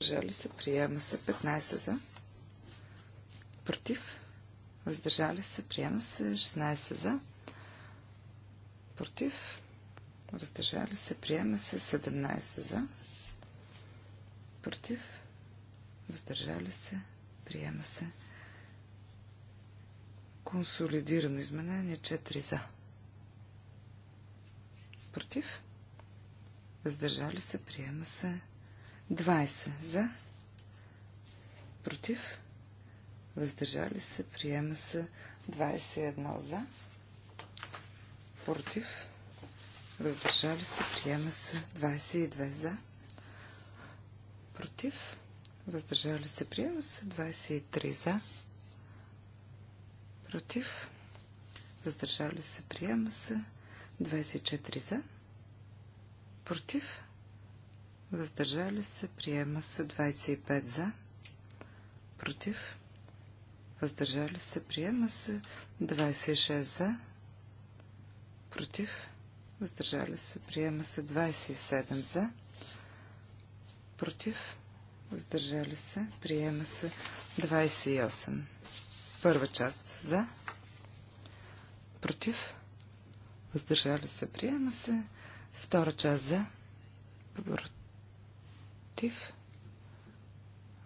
Въздържали се. Приема се. 15 за. Против. Въздържали се. Приема се. 16 за. Против. Въздържали се. Приема се. 17 за. Против. Въздържали се. Приема се. Консолидирано изменение 4 за. Против. Въздържали се. Приема се. 20 за, против, въздържали се, приема се 21 за, против, въздържали се, приема се 22 за, против, въздържали се, приема се 23 за, против, въздържали се, приема се 24 за, против, въздържали се, приема се 25 за, против, въздържали се, приема се 26 за, против, въздържали се, приема се 27 за, против, въздържали се, приема се 28. Първа част за, против, въздържали се, приема се, втора част за, против, против,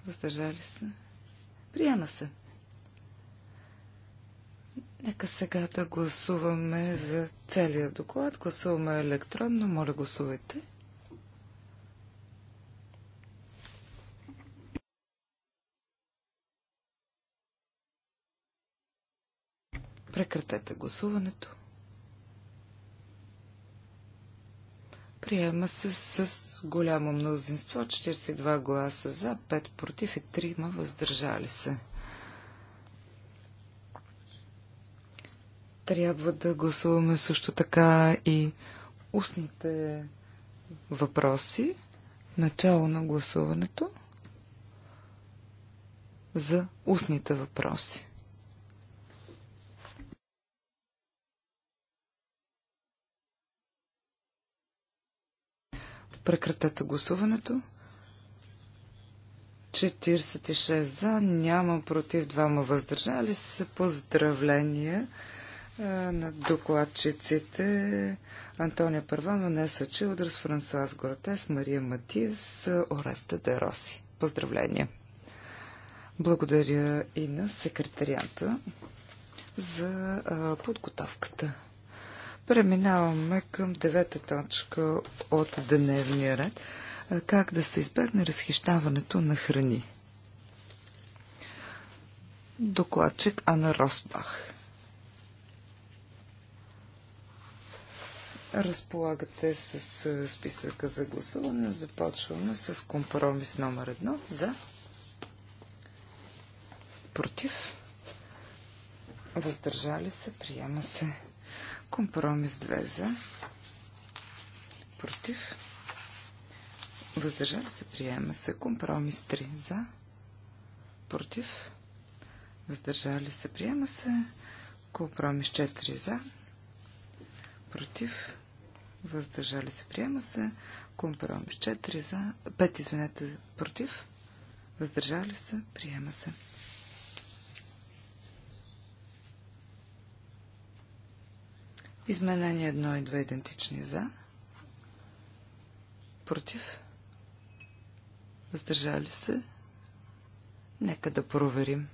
въздържали се, приема се. Нека сега да гласуваме за целия доклад. Гласуваме електронно. Моля, гласувайте. Прекратете гласуването. Приема се с голямо мнозинство, 42 гласа за, 5 против и 3 ма въздържали се. Трябва да гласуваме също така и устните въпроси. Начало на гласуването за устните въпроси. Прекратете гласуването. 46 за, няма против, двама въздържали се. Поздравления на докладчиците Антония Първанова, Неса Чилдърс, Франсуаз Горатес, Мария Матис, Ореста Дероси. Поздравления! Благодаря и на секретарията за подготовката. Преминаваме към девета точка от дневния ред. Как да се избегне разхищаването на храни? Докладчик Ана Росбах. Разполагате с списъка за гласуване. Започваме с компромис номер едно за против. Въздържали се, приема се. Компромис 2 за. Против. Въздържали се. Приема се. Компромис 3 за. Против. Въздържали се. Приема се. Компромис 4 за. Против. Въздържали се. Приема се. Компромис 4 за. 5, извинете, против. Въздържали се. Приема се. Изменение 1 и 2 идентични за. Против. Въздържали се. Нека да проверим.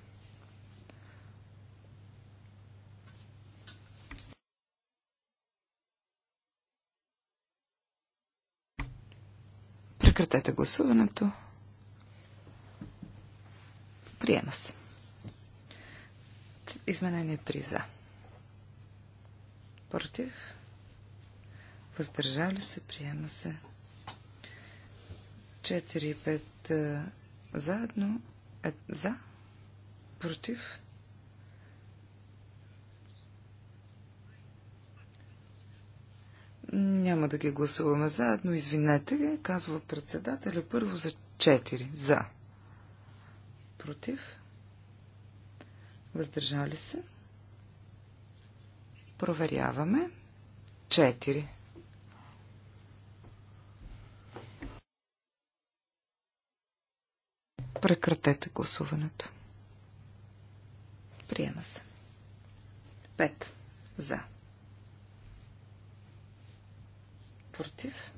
Прекратете гласуването. Приема се. Изменение 3 за против, въздържали се, приема се. 4 и 5 е, заедно, е, за, против. Няма да ги гласуваме заедно, извинете, казва председателя първо за 4, за, против, въздържали се. Проверяваме. 4. Прекратете гласуването. Приема се. 5. За. Против.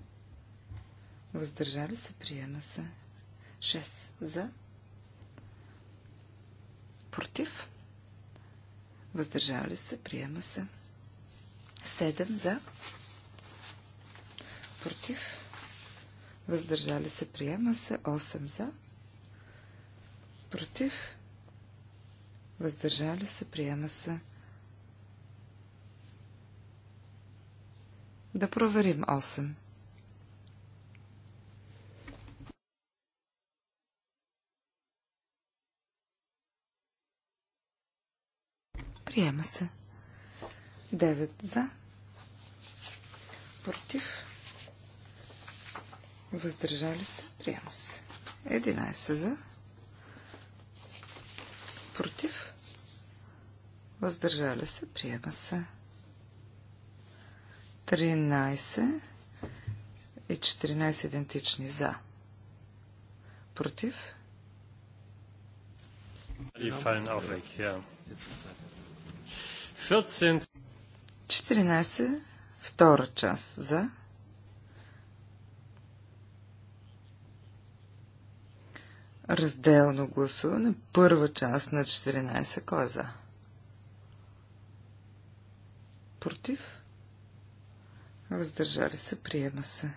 Въздържали се. Приема се. 6. За. Против. Въздържали се. Приема се. 7 за. Против. Въздържали се. Приема се. 8 за. Против. Въздържали се. Приема се. Да проверим 8. Приема се. 9 за против, въздържали се, приема се. 11 за, против, въздържали се, приема се. 13 и 14 идентични за, против. И fallen офек, 14 Втора част за. Разделно гласуване. Първа част на 14. Кой е за? Против? Въздържали се. Приема се.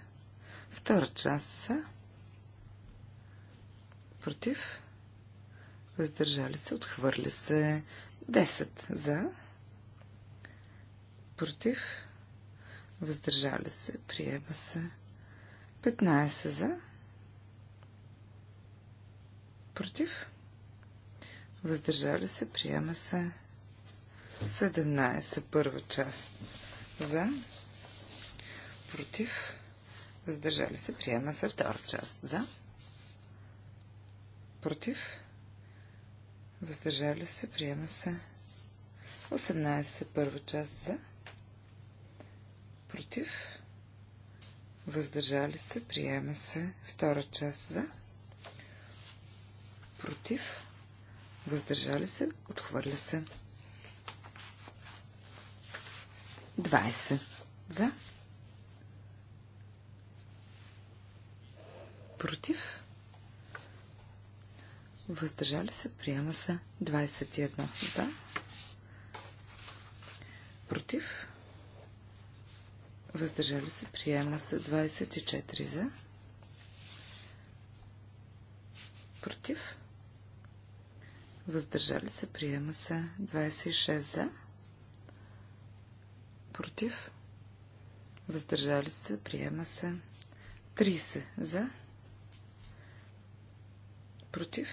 Втора част са. Против? Въздържали се. Отхвърля се. 10 за. Против? въздържали се, приема се. 15 за, против, въздържали се, приема се. 17 първа част за, против, въздържали се, приема се втора част за, против, въздържали се, приема се. 18 първа част за, против, въздържали се, приема се. Втора част за, против, въздържали се, отхвърля се. 20 за, против, въздържали се, приема се. 21 за, против, въздържали се, приема се 24 за, против, въздържали се, приема се 26 за, против, въздържали се, приема се 30 за, против,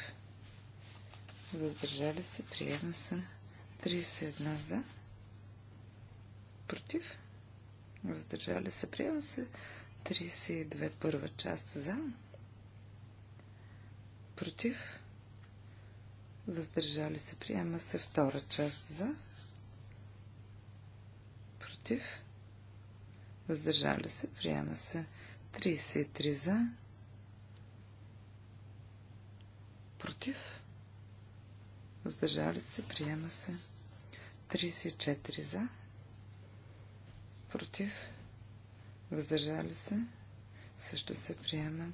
въздържали се, приема се 31 за, против, въздържали се, приема се. 32 първа част за, против, въздържали се, приема се втора част за, против, въздържали се, приема се 33 за, против, въздържали се, приема се 34 за, против, въздържали се, също се приема.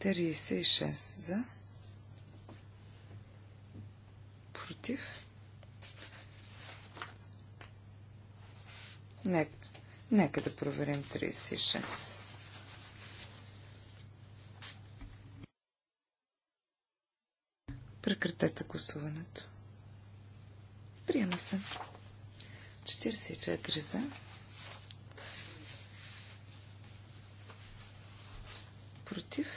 36 за, против. Нека, нека да проверим 36. Прекратете гласуването. Приема се. 44 за. Против.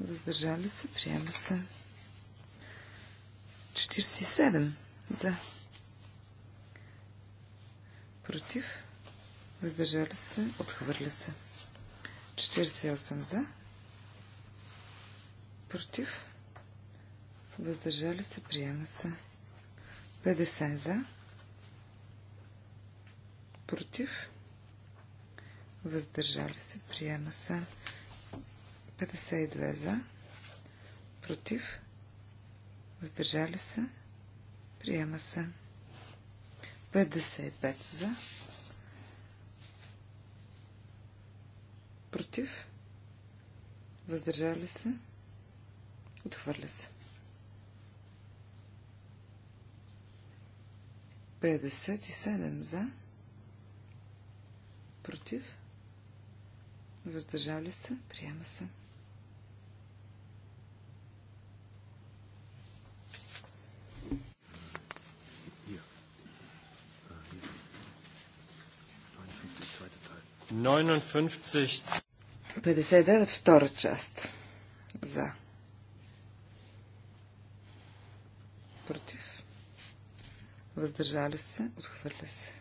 Въздържали се. Приема се. 47 за. Против. Въздържали се. Отхвърля се. 48 за. Против. Въздържали се. Приема се. 50 за. Против. Въздържали се. Приема се. 52 за. Против. Въздържали се. Приема се. 55 за. Против. Въздържали се. Отхвърля се. 57 за. Против. Въздържали се. Приема се. Neunundfünfzig. 59 втора част. За. Против въздържали се, отхвърля се.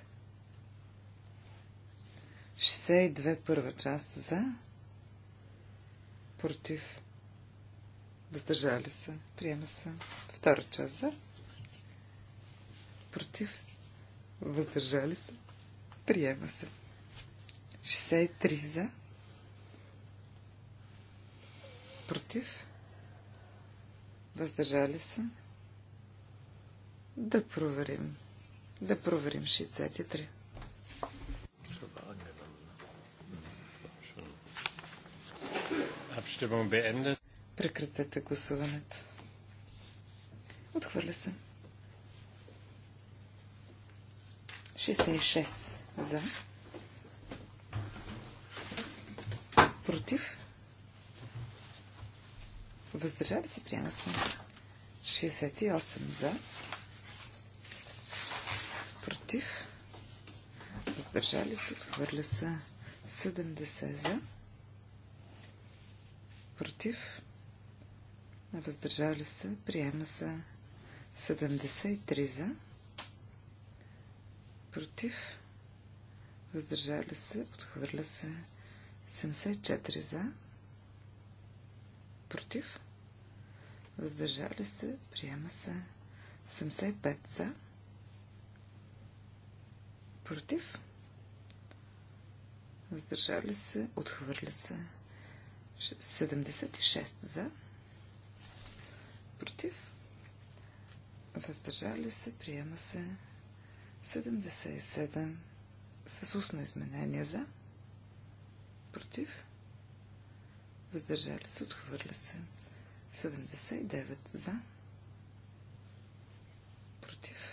62 първа част за, против, въздържали се, приема се. Втора част за, против, въздържали се, приема се. 63 за, против, въздържали се, да проверим. Да проверим 63. Прекратете гласуването. Отхвърля се. 66 за. Против. Въздържали се, приема се. 68 за против, въздържали се, отхвърля са. 70 за, против, въздържали се, приема са. 73 за, против, въздържали се, отхвърля се 74 за, против, въздържали се, приема се 75 за, Против. Въздържали се. Отхвърля се. 76 за. Против. Въздържали се. Приема се. 77 с устно изменение за. Против. Въздържали се. Отхвърля се. 79 за. Против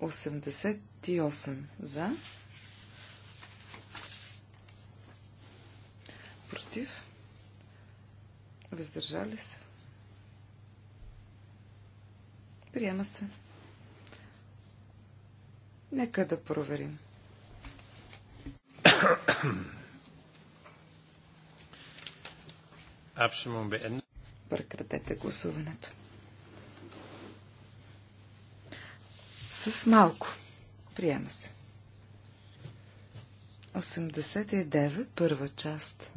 88 за. Против. Въздържали се. Приема се. Нека да проверим. Прекратете гласуването. с малко. Приема се. 89, първа част.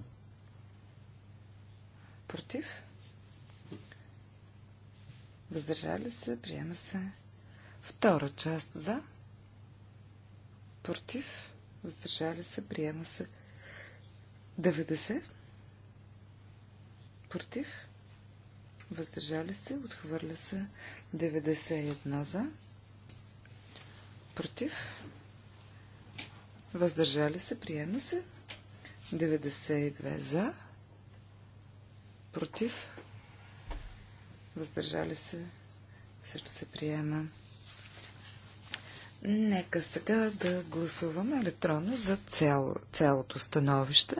Против? Въздържали се, приема се. Втора част за. Против? Въздържали се, приема се. 90. Против? Въздържали се, отхвърля се. 91 за Против. Въздържали се. Приема се. 92 за. Против. Въздържали се. Също се приема. Нека сега да гласуваме електронно за цяло, цялото становище.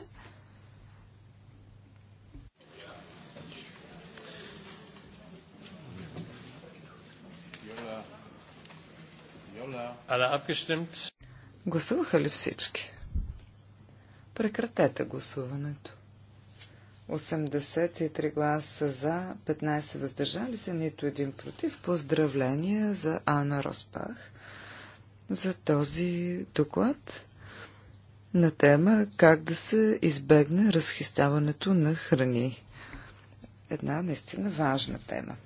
Гласуваха ли всички? Прекратете гласуването. 83 гласа за, 15 въздържали се, нито един против. Поздравления за Ана Роспах за този доклад на тема как да се избегне разхистяването на храни. Една наистина важна тема.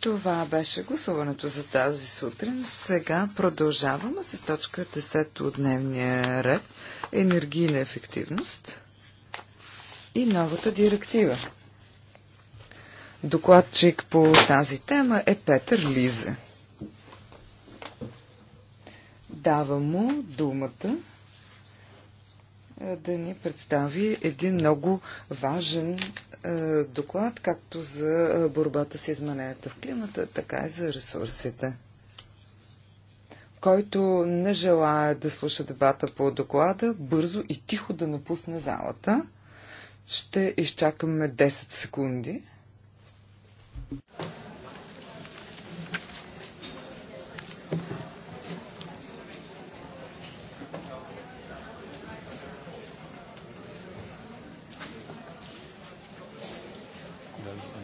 Това беше гласуването за тази сутрин. Сега продължаваме с точка 10 от дневния ред енергийна ефективност и новата директива. Докладчик по тази тема е Петър Лизе. Давам му думата е, да ни представи един много важен е, доклад, както за е, борбата с изменението в климата, така и за ресурсите. Който не желая да слуша дебата по доклада, бързо и тихо да напусне залата. Ще изчакаме 10 секунди.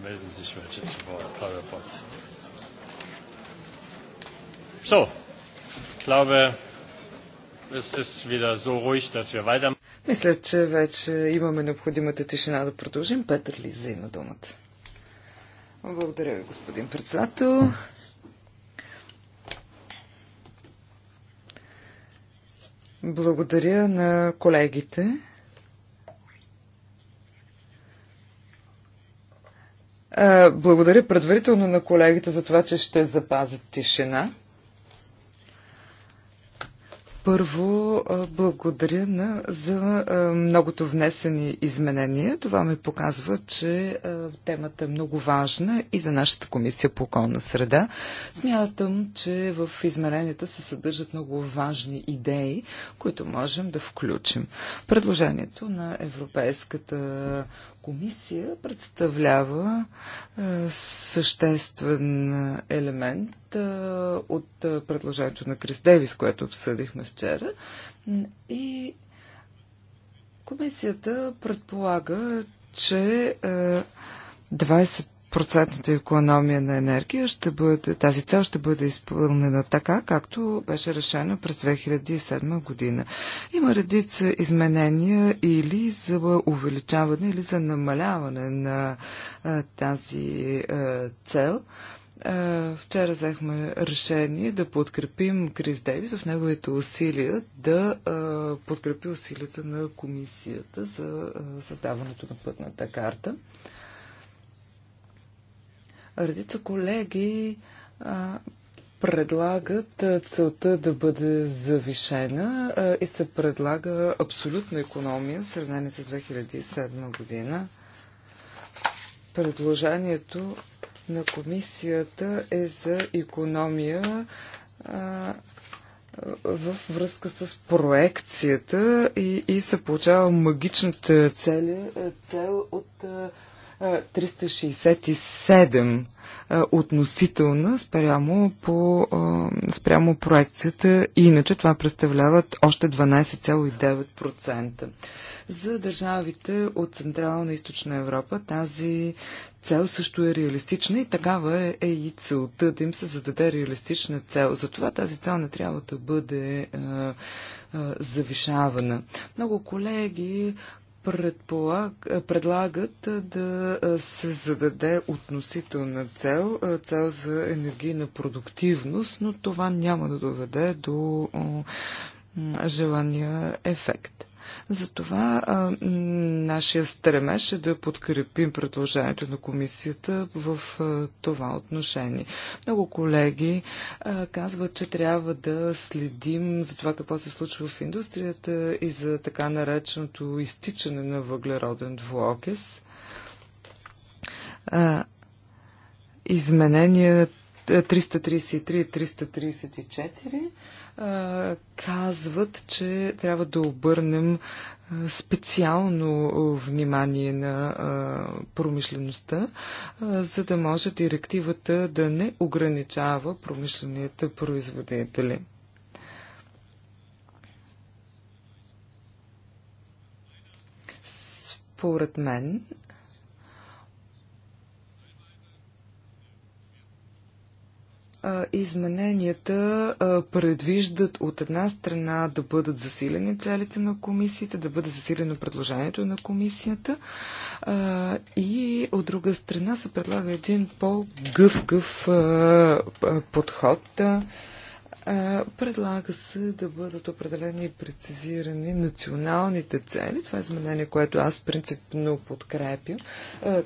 melden sich welche zu Wort. PowerPoints. So, ich glaube, es ist wieder so ruhig, dass wir weitermachen. Мисля, че вече имаме необходимата тишина да продължим. Петър ли има думата. Благодаря ви, господин председател. Благодаря на колегите. Е, благодаря предварително на колегите за това, че ще запазят тишина. Първо, благодаря на, за многото внесени изменения. Това ми показва, че темата е много важна и за нашата комисия по околна среда. Смятам, че в измеренията се съдържат много важни идеи, които можем да включим. Предложението на Европейската комисия представлява съществен елемент от предложението на Крис Девис, което обсъдихме вчера. И комисията предполага, че 20 процентната економия на енергия ще бъде, тази цел ще бъде изпълнена така, както беше решено през 2007 година. Има редица изменения или за увеличаване, или за намаляване на тази цел. Е, вчера взехме решение да подкрепим Крис Дейвис в неговите усилия да е, подкрепи усилията на комисията за е, създаването на пътната карта. Редица колеги предлагат целта да бъде завишена и се предлага абсолютна економия в сравнение с 2007 година. Предложението на комисията е за економия а, в връзка с проекцията и, и се получава магичната цел, цел от 367 относителна спрямо, по, спрямо проекцията. Иначе това представляват още 12,9%. За държавите от Централна и Източна Европа тази цел също е реалистична и такава е, е и целта да им се зададе реалистична цел. Затова тази цел не трябва да бъде е, е, завишавана. Много колеги предлагат да се зададе относителна цел, цел за енергийна продуктивност, но това няма да доведе до желания ефект. Затова а, нашия стремеж е да подкрепим предложението на комисията в а, това отношение. Много колеги а, казват, че трябва да следим за това какво се случва в индустрията и за така нареченото изтичане на въглероден двуокис. изменения 333 и 334 казват, че трябва да обърнем специално внимание на промишлеността, за да може директивата да не ограничава промишлените производители. Според мен измененията предвиждат от една страна да бъдат засилени целите на комисията, да бъде засилено предложението на комисията и от друга страна се предлага един по-гъвкъв подход. Предлага се да бъдат определени и прецизирани националните цели. Това е изменение, което аз принципно подкрепя,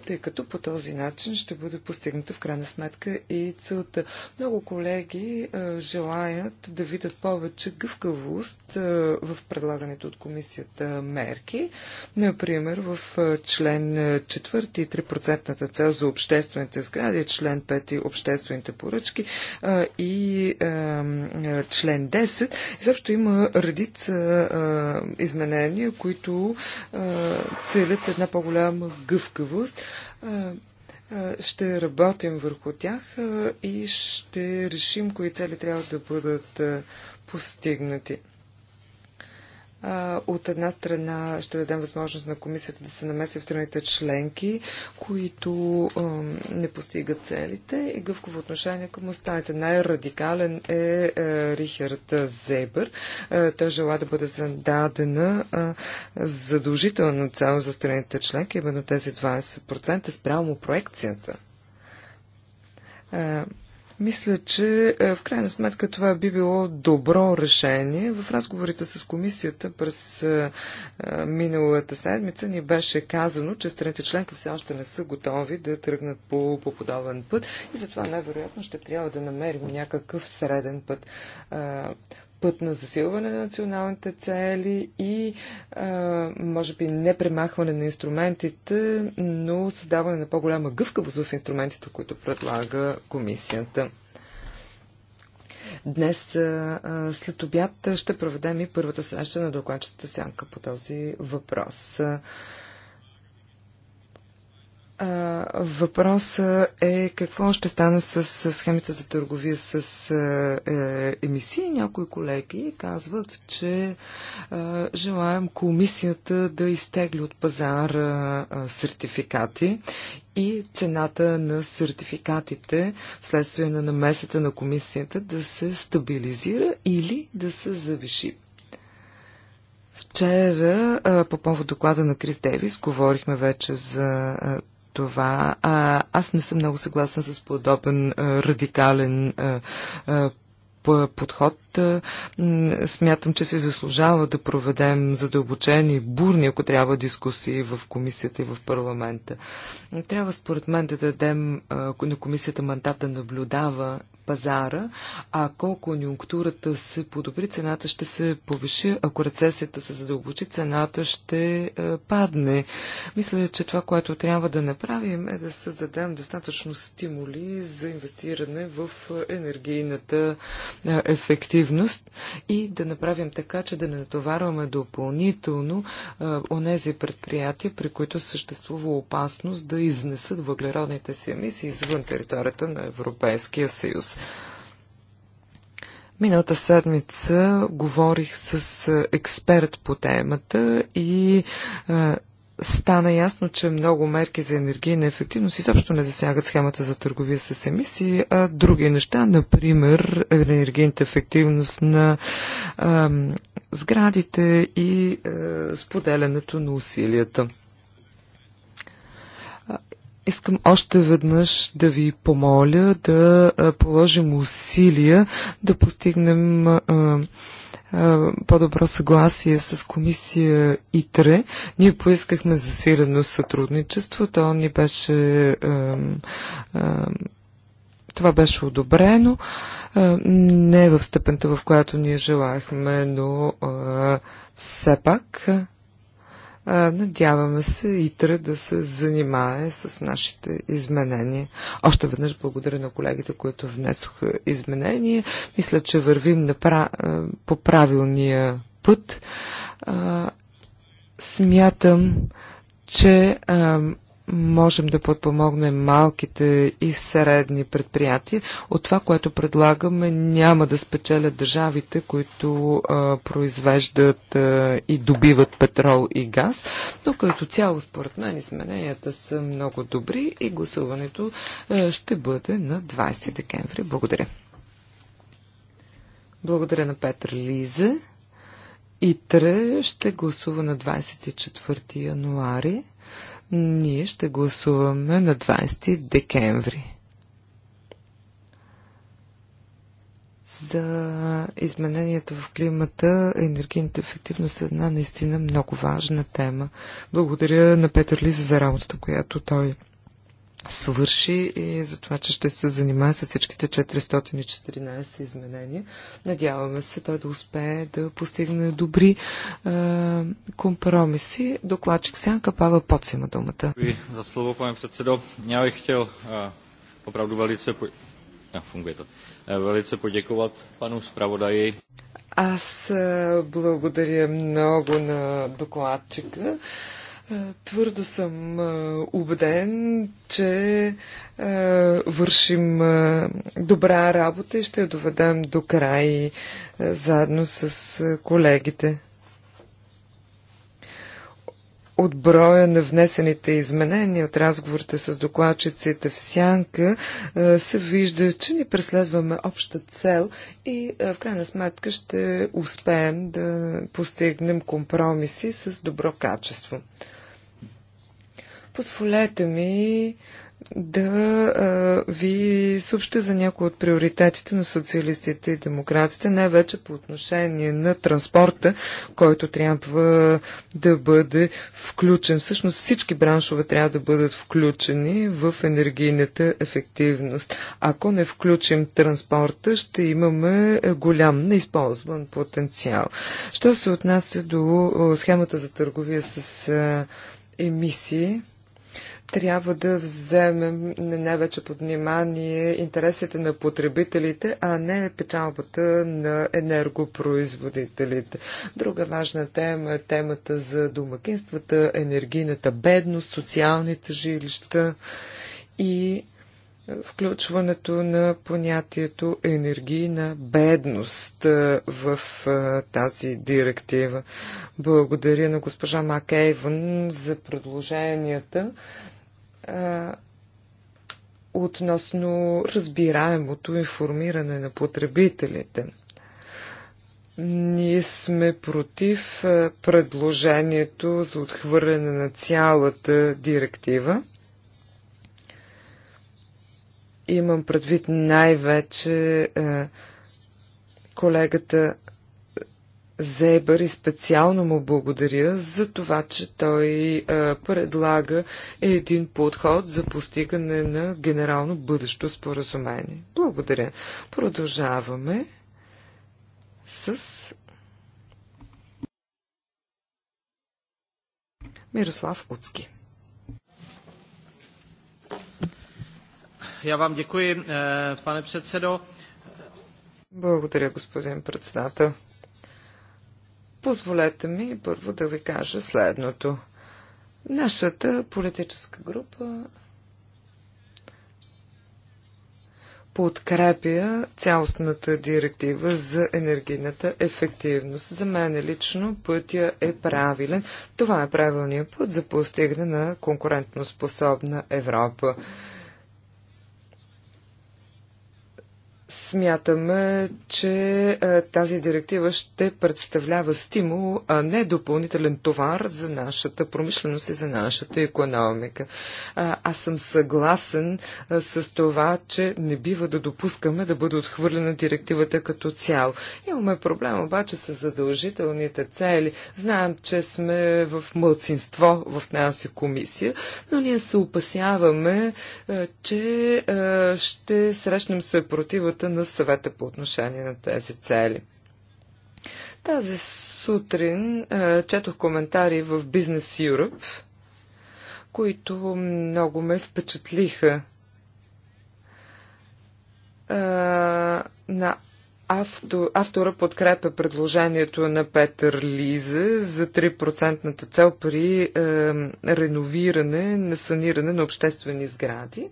тъй като по този начин ще бъде постигната в крайна сметка и целта. Много колеги желаят да видят повече гъвкавост в предлагането от комисията мерки. Например, в член 4 и 3% цел за обществените сгради, член 5 обществените поръчки и е, член 10. Изобщо има редица е, изменения, които е, целят една по-голяма гъвкавост. Ще работим върху тях и ще решим кои цели трябва да бъдат постигнати. От една страна ще дадем възможност на комисията да се намеси в страните членки, които не постигат целите и гъвково отношение към останалите. Най-радикален е, е Рихард Зебър. Той желая да бъде зададена задължителна цел за страните членки, именно тези 20% спрямо проекцията. Мисля, че е, в крайна сметка това би било добро решение. В разговорите с комисията през е, е, миналата седмица ни беше казано, че страните членки все още не са готови да тръгнат по, по подобен път и затова най-вероятно ще трябва да намерим някакъв среден път път на засилване на националните цели и а, може би не премахване на инструментите, но създаване на по-голяма гъвкавост в инструментите, които предлага комисията. Днес а, след обяд ще проведем и първата среща на докладчета Сянка по този въпрос. Въпросът е какво ще стане с, с схемите за търговия с е, емисии. Някои колеги казват, че е, желаем комисията да изтегли от пазара е, сертификати и цената на сертификатите вследствие на намесата на комисията да се стабилизира или да се завиши. Вчера по повод доклада на Крис Девис говорихме вече за това а, аз не съм много съгласен с подобен а, радикален а, а, подход. Смятам, че си заслужава да проведем задълбочени, бурни, ако трябва, дискусии в комисията и в парламента. Трябва, според мен, да дадем на комисията мандат да наблюдава пазара. Ако конюнктурата се подобри, цената ще се повиши. Ако рецесията се задълбочи, цената ще е, падне. Мисля, че това, което трябва да направим е да създадем достатъчно стимули за инвестиране в е, енергийната е, ефективност и да направим така, че да не натоварваме допълнително онези предприятия, при които съществува опасност да изнесат въглеродните си емисии извън територията на Европейския съюз. Миналата седмица говорих с експерт по темата и а, стана ясно, че много мерки за енергийна ефективност изобщо не засягат схемата за търговия с емисии, а други неща, например енергийната ефективност на а, сградите и а, споделянето на усилията. Искам още веднъж да ви помоля да положим усилия да постигнем по-добро съгласие с комисия ИТРЕ. Ние поискахме засилено сътрудничество. То ни беше. това беше одобрено. не в степента, в която ние желахме, но все пак Надяваме се ИТРА да се занимае с нашите изменения. Още веднъж благодаря на колегите, които внесоха изменения. Мисля, че вървим напра... по правилния път. Смятам, че можем да подпомогнем малките и средни предприятия. От това, което предлагаме, няма да спечелят държавите, които а, произвеждат а, и добиват петрол и газ, но като цяло, според мен, измененията са много добри и гласуването а, ще бъде на 20 декември. Благодаря. Благодаря на Петър Лизе. ИТРЕ ще гласува на 24 януари. Ние ще гласуваме на 20 декември. За измененията в климата, енергийната ефективност е една наистина много важна тема. Благодаря на Петър Лиза за работата, която той свърши и за това, че ще се занимае с всичките 414 изменения. Надяваме се той да успее да постигне добри е, компромиси. Докладчик Сянка Павел Поц има думата. за слово, пане председо. Я бих хотел оправду велице, функция, велице подяковат пану справодаи. Аз е, благодаря много на докладчика. Е, твърдо съм е, убеден, че е, вършим добра работа и ще я доведем до край заедно с колегите. От броя на внесените изменения от разговорите с докладчиците в Сянка се вижда, че ни преследваме обща цел и в крайна сметка ще успеем да постигнем компромиси с добро качество. Позволете ми да а, ви съобща за някои от приоритетите на социалистите и демократите, най-вече по отношение на транспорта, който трябва да бъде включен. Всъщност всички браншове трябва да бъдат включени в енергийната ефективност. Ако не включим транспорта, ще имаме голям неизползван потенциал. Що се отнася до схемата за търговия с емисии, трябва да вземем най-вече под внимание интересите на потребителите, а не печалбата на енергопроизводителите. Друга важна тема е темата за домакинствата, енергийната бедност, социалните жилища и включването на понятието енергийна бедност в тази директива. Благодаря на госпожа Макейвън за предложенията относно разбираемото информиране на потребителите. Ние сме против предложението за отхвърляне на цялата директива. Имам предвид най-вече колегата Зебър и специално му благодаря за това, че той а, предлага един подход за постигане на генерално бъдещо споразумение. Благодаря. Продължаваме с Мирослав Уцки. Я вам дякую, пане председо. Благодаря, господин председател. Позволете ми първо да ви кажа следното. Нашата политическа група подкрепя цялостната директива за енергийната ефективност. За мен лично пътя е правилен. Това е правилният път за постигане на конкурентноспособна Европа. Смятаме, че е, тази директива ще представлява стимул, а не допълнителен товар за нашата промишленост и за нашата економика. Аз съм съгласен е, с това, че не бива да допускаме да бъде отхвърлена директивата като цяло. Имаме проблем обаче с задължителните цели. Знаем, че сме в мълцинство в тази комисия, но ние се опасяваме, е, че ще срещнем съпротивата позицията на съвета по отношение на тези цели. Тази сутрин е, четох коментари в Business Europe, които много ме впечатлиха. Е, на авто, автора подкрепя предложението на Петър Лизе за 3% цел при е, реновиране, на саниране на обществени сгради.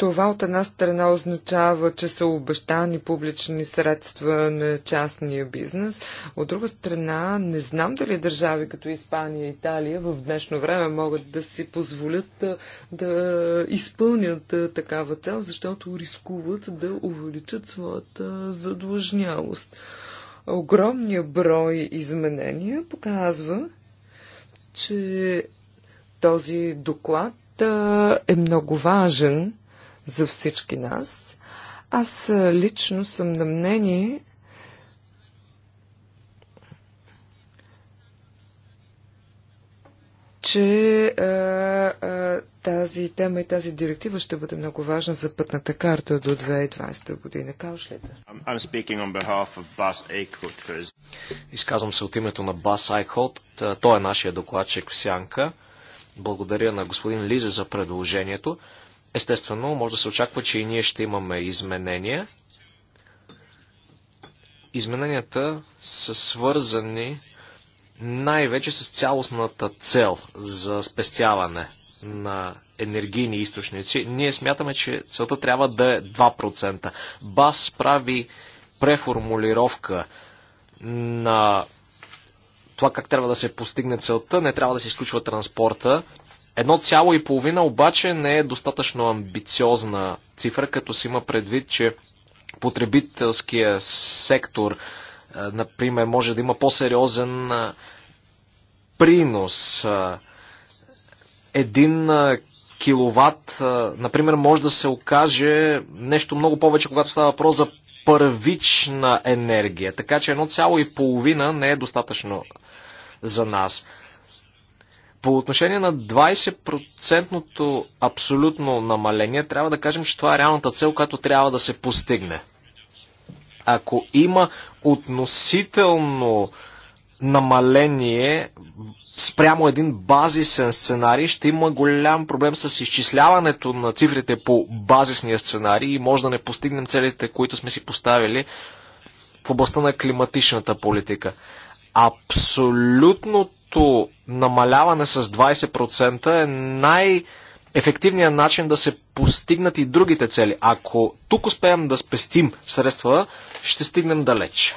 Това от една страна означава, че са обещани публични средства на частния бизнес. От друга страна, не знам дали държави като Испания и Италия в днешно време могат да си позволят да, изпълнят такава цел, защото рискуват да увеличат своята задлъжнялост. Огромният брой изменения показва, че този доклад е много важен за всички нас. Аз лично съм на мнение, че а, а, тази тема и тази директива ще бъде много важна за пътната карта до 2020 година. Каушлета. Изказвам се от името на Бас Айкхот. Той е нашия докладчик в Сянка. Благодаря на господин Лиза за предложението. Естествено, може да се очаква, че и ние ще имаме изменения. Измененията са свързани най-вече с цялостната цел за спестяване на енергийни източници. Ние смятаме, че целта трябва да е 2%. БАС прави преформулировка на това как трябва да се постигне целта. Не трябва да се изключва транспорта. Едно цяло и половина обаче не е достатъчно амбициозна цифра, като си има предвид, че потребителския сектор, например, може да има по-сериозен принос. Един киловатт, например, може да се окаже нещо много повече, когато става въпрос за първична енергия. Така че едно цяло и половина не е достатъчно за нас. По отношение на 20 абсолютно намаление, трябва да кажем, че това е реалната цел, която трябва да се постигне. Ако има относително намаление спрямо един базисен сценарий, ще има голям проблем с изчисляването на цифрите по базисния сценарий и може да не постигнем целите, които сме си поставили в областта на климатичната политика. Абсолютното Бързото намаляване с 20% е най- ефективният начин да се постигнат и другите цели. Ако тук успеем да спестим средства, ще стигнем далеч.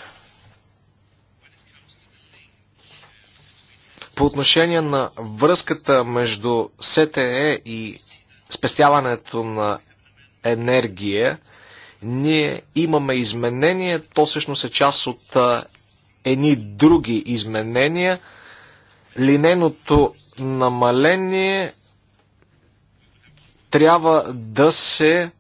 По отношение на връзката между СТЕ и спестяването на енергия, ние имаме изменение, то всъщност е част от едни други изменения – линеното намаление трябва да се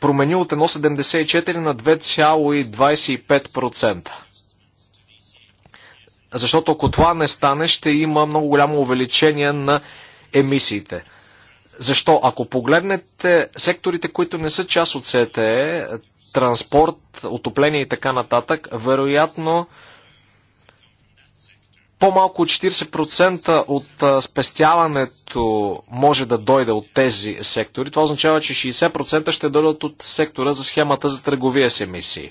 промени от 1,74 на 2,25%. Защото ако това не стане, ще има много голямо увеличение на емисиите. Защо? Ако погледнете секторите, които не са част от СТЕ, транспорт, отопление и така нататък, вероятно по-малко от 40% от спестяването може да дойде от тези сектори. Това означава, че 60% ще дойдат от сектора за схемата за търговия с емисии.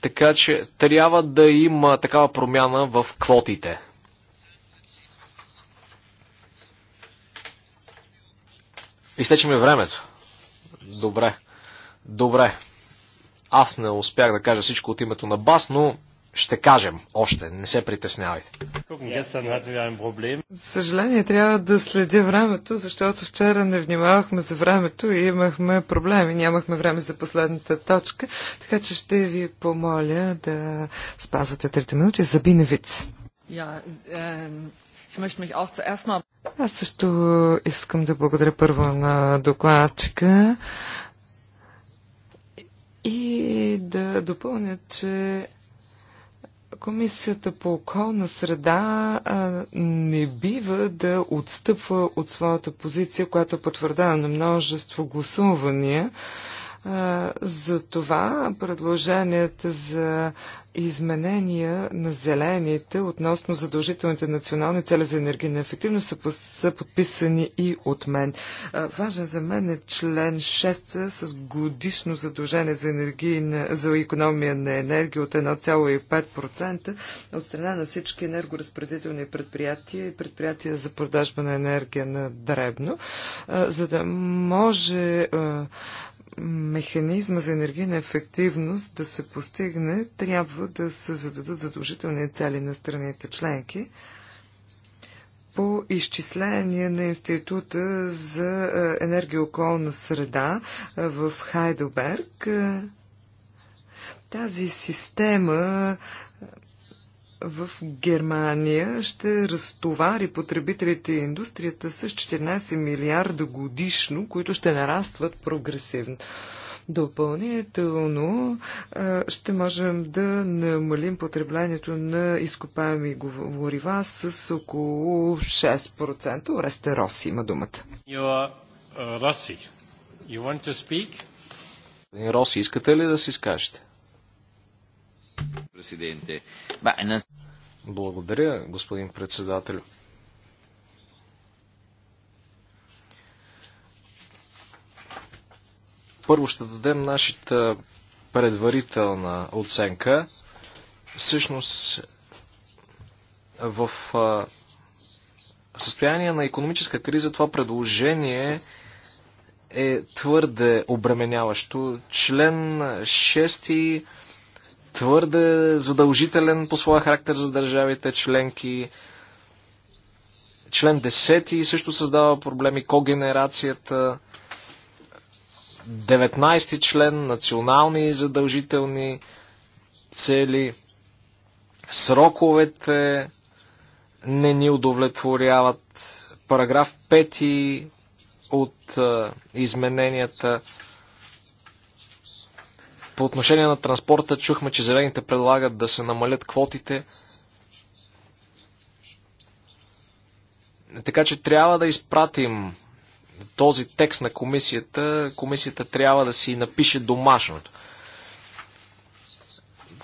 Така че трябва да има такава промяна в квотите. Изтече ми времето. Добре. Добре. Аз не успях да кажа всичко от името на Бас, но ще кажем още. Не се притеснявайте. съжаление, трябва да следя времето, защото вчера не внимавахме за времето и имахме проблеми. Нямахме време за последната точка, така че ще ви помоля да спазвате трите минути. за Биневиц. Ähm, Аз също искам да благодаря първо на докладчика и да допълня, че Комисията по околна среда а, не бива да отстъпва от своята позиция, която е потвърдена на множество гласувания. За това предложенията за изменения на зелените относно задължителните национални цели за енергийна ефективност са, са подписани и от мен. Важен за мен е член 6 с годишно задължение за, енергийна, за економия на енергия от 1,5% от страна на всички енергоразпределителни предприятия и предприятия за продажба на енергия на дребно, за да може механизма за енергийна ефективност да се постигне, трябва да се зададат задължителни цели на страните членки по изчисление на Института за е, енергия и околна среда е, в Хайдоберг. Е, тази система в Германия ще разтовари потребителите и индустрията с 14 милиарда годишно, които ще нарастват прогресивно. Допълнително ще можем да намалим потреблението на изкопаеми говорива с около 6%. Оресте Роси има думата. Роси, uh, you want to speak? Роси, искате ли да си скажете? Президенте, благодаря, господин председател. Първо ще дадем нашата предварителна оценка. Всъщност, в състояние на економическа криза това предложение е твърде обременяващо. Член 6 твърде задължителен по своя характер за държавите членки. Член 10 също създава проблеми когенерацията. 19 ти член национални задължителни цели. Сроковете не ни удовлетворяват. Параграф 5 от измененията по отношение на транспорта чухме, че зелените предлагат да се намалят квотите. Така че трябва да изпратим този текст на комисията. Комисията трябва да си напише домашното.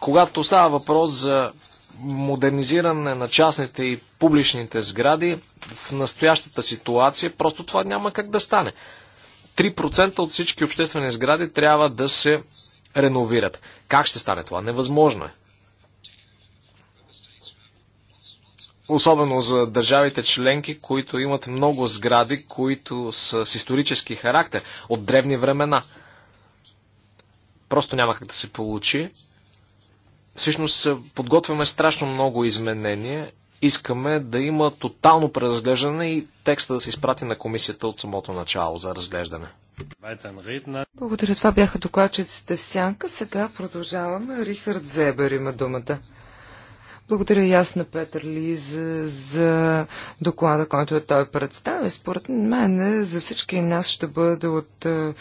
Когато става въпрос за модернизиране на частните и публичните сгради в настоящата ситуация, просто това няма как да стане. 3% от всички обществени сгради трябва да се реновират. Как ще стане това? Невъзможно е. Особено за държавите членки, които имат много сгради, които са с исторически характер, от древни времена. Просто няма как да се получи. Всъщност подготвяме страшно много изменения искаме да има тотално преразглеждане и текста да се изпрати на комисията от самото начало за разглеждане. Благодаря. Това бяха докладчиците в сянка. Сега продължаваме. Рихард Зебер има думата. Благодаря и аз на Петър Лиза за доклада, който той представи. Според мен за всички нас ще бъде от е,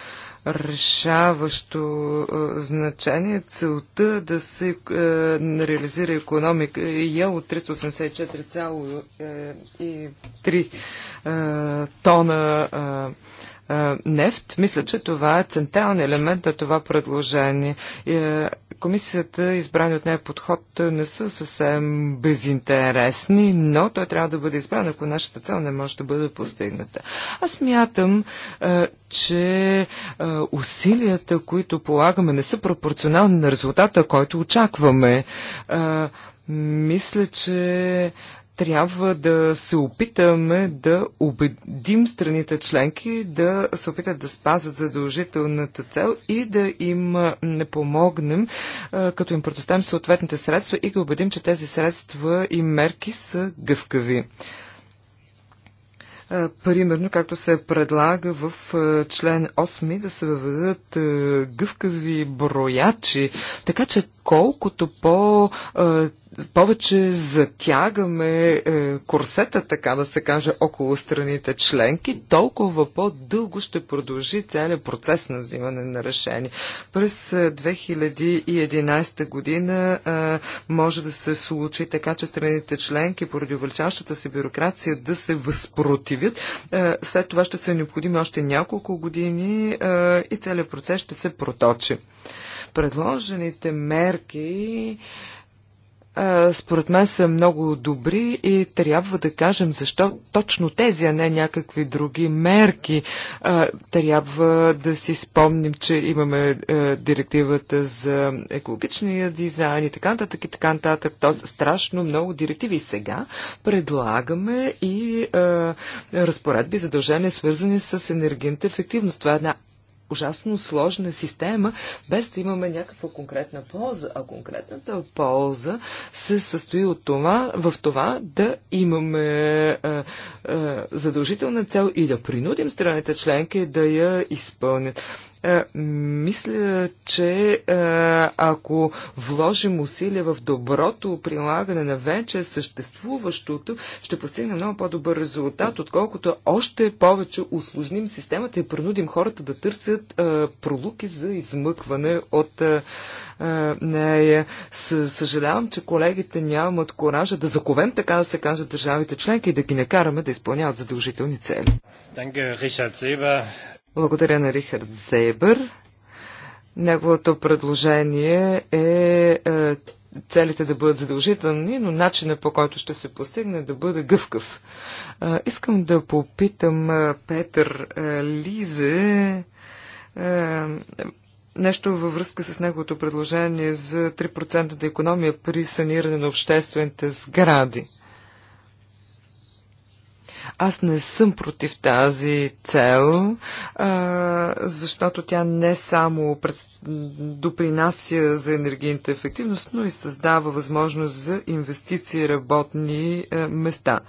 решаващо е, значение целта да се е, реализира економика и я от 384,3 тона е, нефт, мисля, че това е централен елемент на това предложение. Е, комисията, избрани от нея подход, не са съвсем безинтересни, но той трябва да бъде избран, ако нашата цел не може да бъде постигната. Аз мятам, е, че усилията, които полагаме, не са пропорционални на резултата, който очакваме. Мисля, че трябва да се опитаме да убедим страните членки да се опитат да спазат задължителната цел и да им не помогнем, като им предоставим съответните средства и ги убедим, че тези средства и мерки са гъвкави примерно, както се предлага в член 8, да се въведат гъвкави броячи, така че колкото по е, повече затягаме е, корсета, така да се каже, около страните членки, толкова по-дълго ще продължи целият процес на взимане на решение. През 2011 е, година е, може да се случи така, че страните членки, поради увеличаващата се бюрокрация, да се възпротивят. Е, след това ще са необходими още няколко години е, и целият процес ще се проточи. Предложените мерки според мен са много добри и трябва да кажем защо точно тези, а не някакви други мерки. Трябва да си спомним, че имаме директивата за екологичния дизайн и така нататък и така нататък. То са страшно много директиви. И сега предлагаме и разпоредби задължения, свързани с енергийната ефективност. Това е една ужасно сложна система, без да имаме някаква конкретна полза. А конкретната полза се състои от това, в това да имаме а, а, задължителна цел и да принудим страните членки да я изпълнят. Е, мисля, че е, ако вложим усилия в доброто прилагане на вече съществуващото, ще постигнем много по-добър резултат, отколкото още повече усложним системата и принудим хората да търсят е, пролуки за измъкване от нея. Съжалявам, че колегите нямат коража да заковем, така да се кажат държавите членки и да ги накараме да изпълняват задължителни цели. Danke, Richard Seber. Благодаря на Рихард Зейбър. Неговото предложение е, е целите да бъдат задължителни, но начина по който ще се постигне да бъде гъвкав. Е, искам да попитам е, Петър Лизе нещо във връзка с неговото предложение за 3% економия при саниране на обществените сгради. Аз не съм против тази цел, а, защото тя не само пред... допринася за енергийната ефективност, но и създава възможност за инвестиции работни а, е, места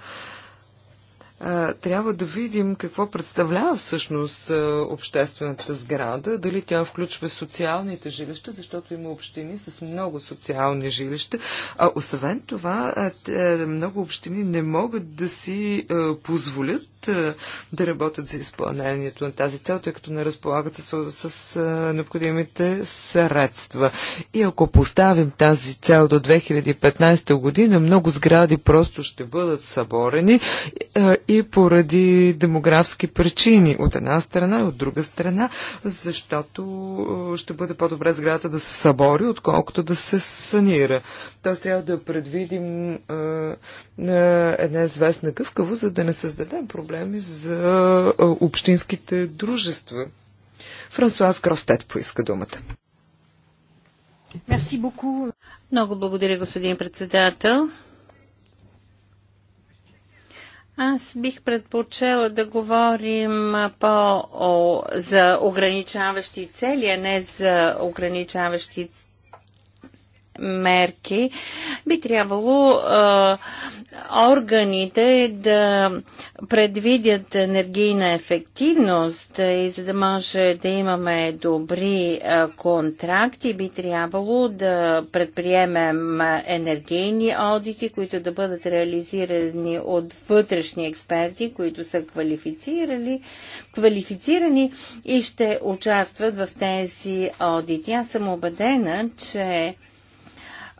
трябва да видим какво представлява всъщност обществената сграда, дали тя включва социалните жилища, защото има общини с много социални жилища. А освен това, много общини не могат да си позволят да работят за изпълнението на тази цел, тъй като не разполагат с, с, с необходимите средства. И ако поставим тази цел до 2015 година, много сгради просто ще бъдат съборени а, и поради демографски причини от една страна и от друга страна, защото ще бъде по-добре сградата да се събори, отколкото да се санира. Тоест трябва да предвидим а, една известна гъвкавост, за да не създадем проблем проблеми за общинските дружества. Франсуаз Гростет поиска думата. Мерси боку. Много благодаря, господин председател. Аз бих предпочела да говорим по за ограничаващи цели, а не за ограничаващи цели мерки, би трябвало а, органите да предвидят енергийна ефективност и за да може да имаме добри а, контракти, би трябвало да предприемем енергийни одити, които да бъдат реализирани от вътрешни експерти, които са квалифицирали, квалифицирани и ще участват в тези одити. Аз съм убедена, че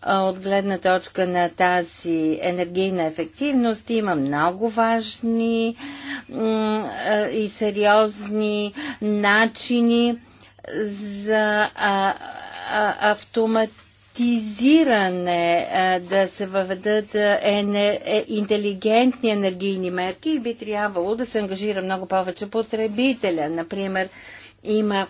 от гледна точка на тази енергийна ефективност има много важни и сериозни начини за автоматизиране, да се въведат е, интелигентни енергийни мерки и би трябвало да се ангажира много повече потребителя. Например, има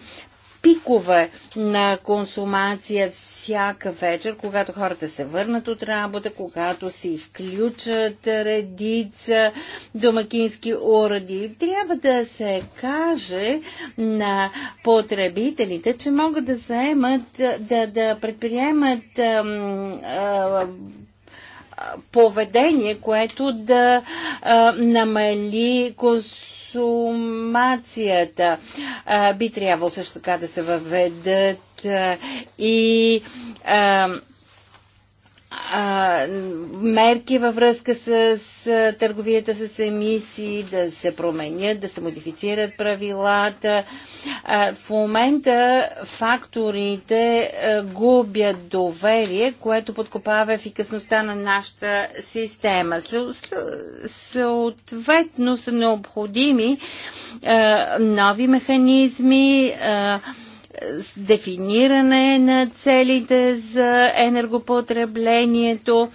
пикове на консумация всяка вечер, когато хората се върнат от работа, когато си включат редица домакински уреди. Трябва да се каже на потребителите, че могат да заемат, да, да предприемат поведение, което да а, намали консумация консумацията. А, би трябвало също така да се въведат а, и а, а, мерки във връзка с, с търговията с емисии, да се променят, да се модифицират правилата. А, в момента факторите а, губят доверие, което подкопава ефикасността на нашата система. Съответно са необходими а, нови механизми, а, дефиниране на целите за енергопотреблението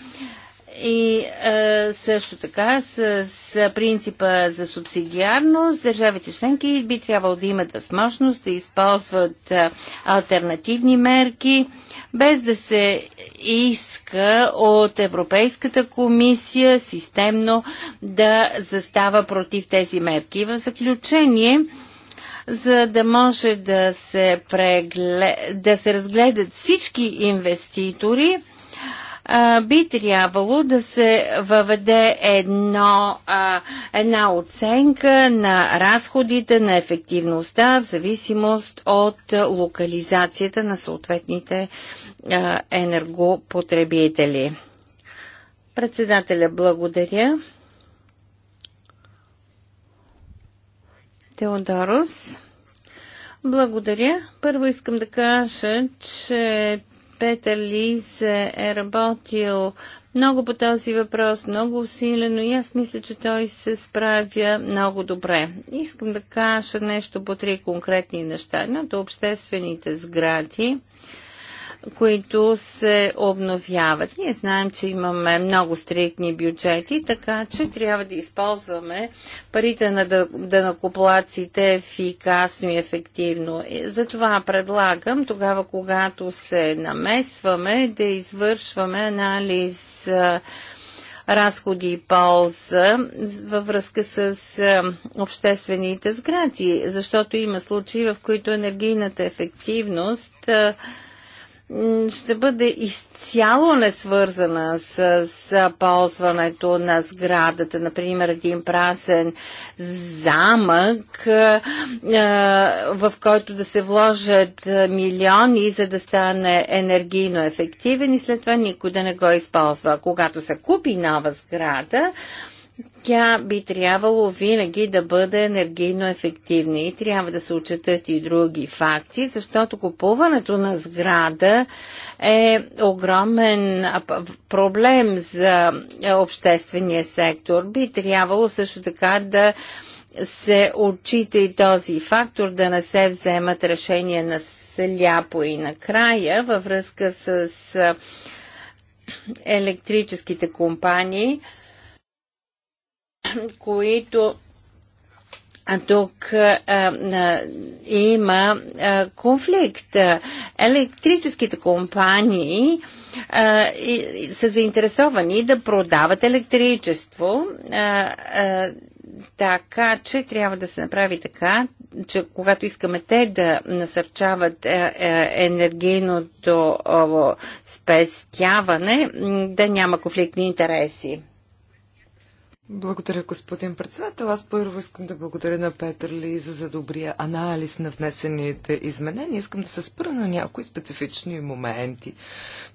и е, също така с, с принципа за субсидиарност държавите членки би трябвало да имат възможност да използват е, альтернативни мерки, без да се иска от Европейската комисия системно да застава против тези мерки. в заключение, е, за да може да се, преглед... да се разгледат всички инвеститори, би трябвало да се въведе едно, а, една оценка на разходите, на ефективността, в зависимост от локализацията на съответните а, енергопотребители. Председателя, благодаря. Теодорос. Благодаря. Първо искам да кажа, че Петър Лизе е работил много по този въпрос, много усилено и аз мисля, че той се справя много добре. Искам да кажа нещо по три конкретни неща. Едното е обществените сгради които се обновяват. Ние знаем, че имаме много стрикни бюджети, така че трябва да използваме парите на данакоплаците ефикасно и ефективно. Затова предлагам тогава, когато се намесваме, да извършваме анализ разходи и полза във връзка с обществените сгради, защото има случаи, в които енергийната ефективност ще бъде изцяло несвързана с, с ползването на сградата. Например, един прасен замък, в който да се вложат милиони, за да стане енергийно ефективен и след това никой да не го използва. Когато се купи нова сграда, тя би трябвало винаги да бъде енергийно ефективна и трябва да се отчетат и други факти, защото купуването на сграда е огромен проблем за е, обществения сектор. Би трябвало също така да се отчита и този фактор да не се вземат решения на сляпо и накрая във връзка с електрическите компании които тук а, а, има а, конфликт. Електрическите компании а, и са заинтересовани да продават електричество, а, а, така че трябва да се направи така, че когато искаме те да насърчават е, е, енергийното спестяване, да няма конфликтни интереси. Благодаря, господин председател. Аз първо искам да благодаря на Петър Ли за, добрия анализ на внесените изменения. Искам да се спра на някои специфични моменти.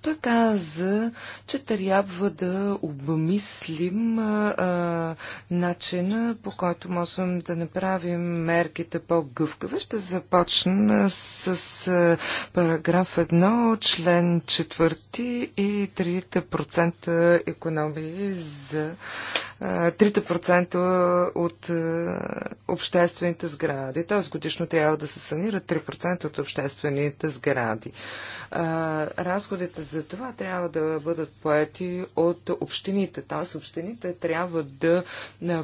Той каза, че трябва да обмислим а, начина по който можем да направим мерките по-гъвкави. Ще започна с, а, параграф 1, член 4 и 3% економии за 3% от е, обществените сгради. Т.е. годишно трябва да се санират 3% от обществените сгради. Разходите за това трябва да бъдат поети от общините. Т.е. общините трябва да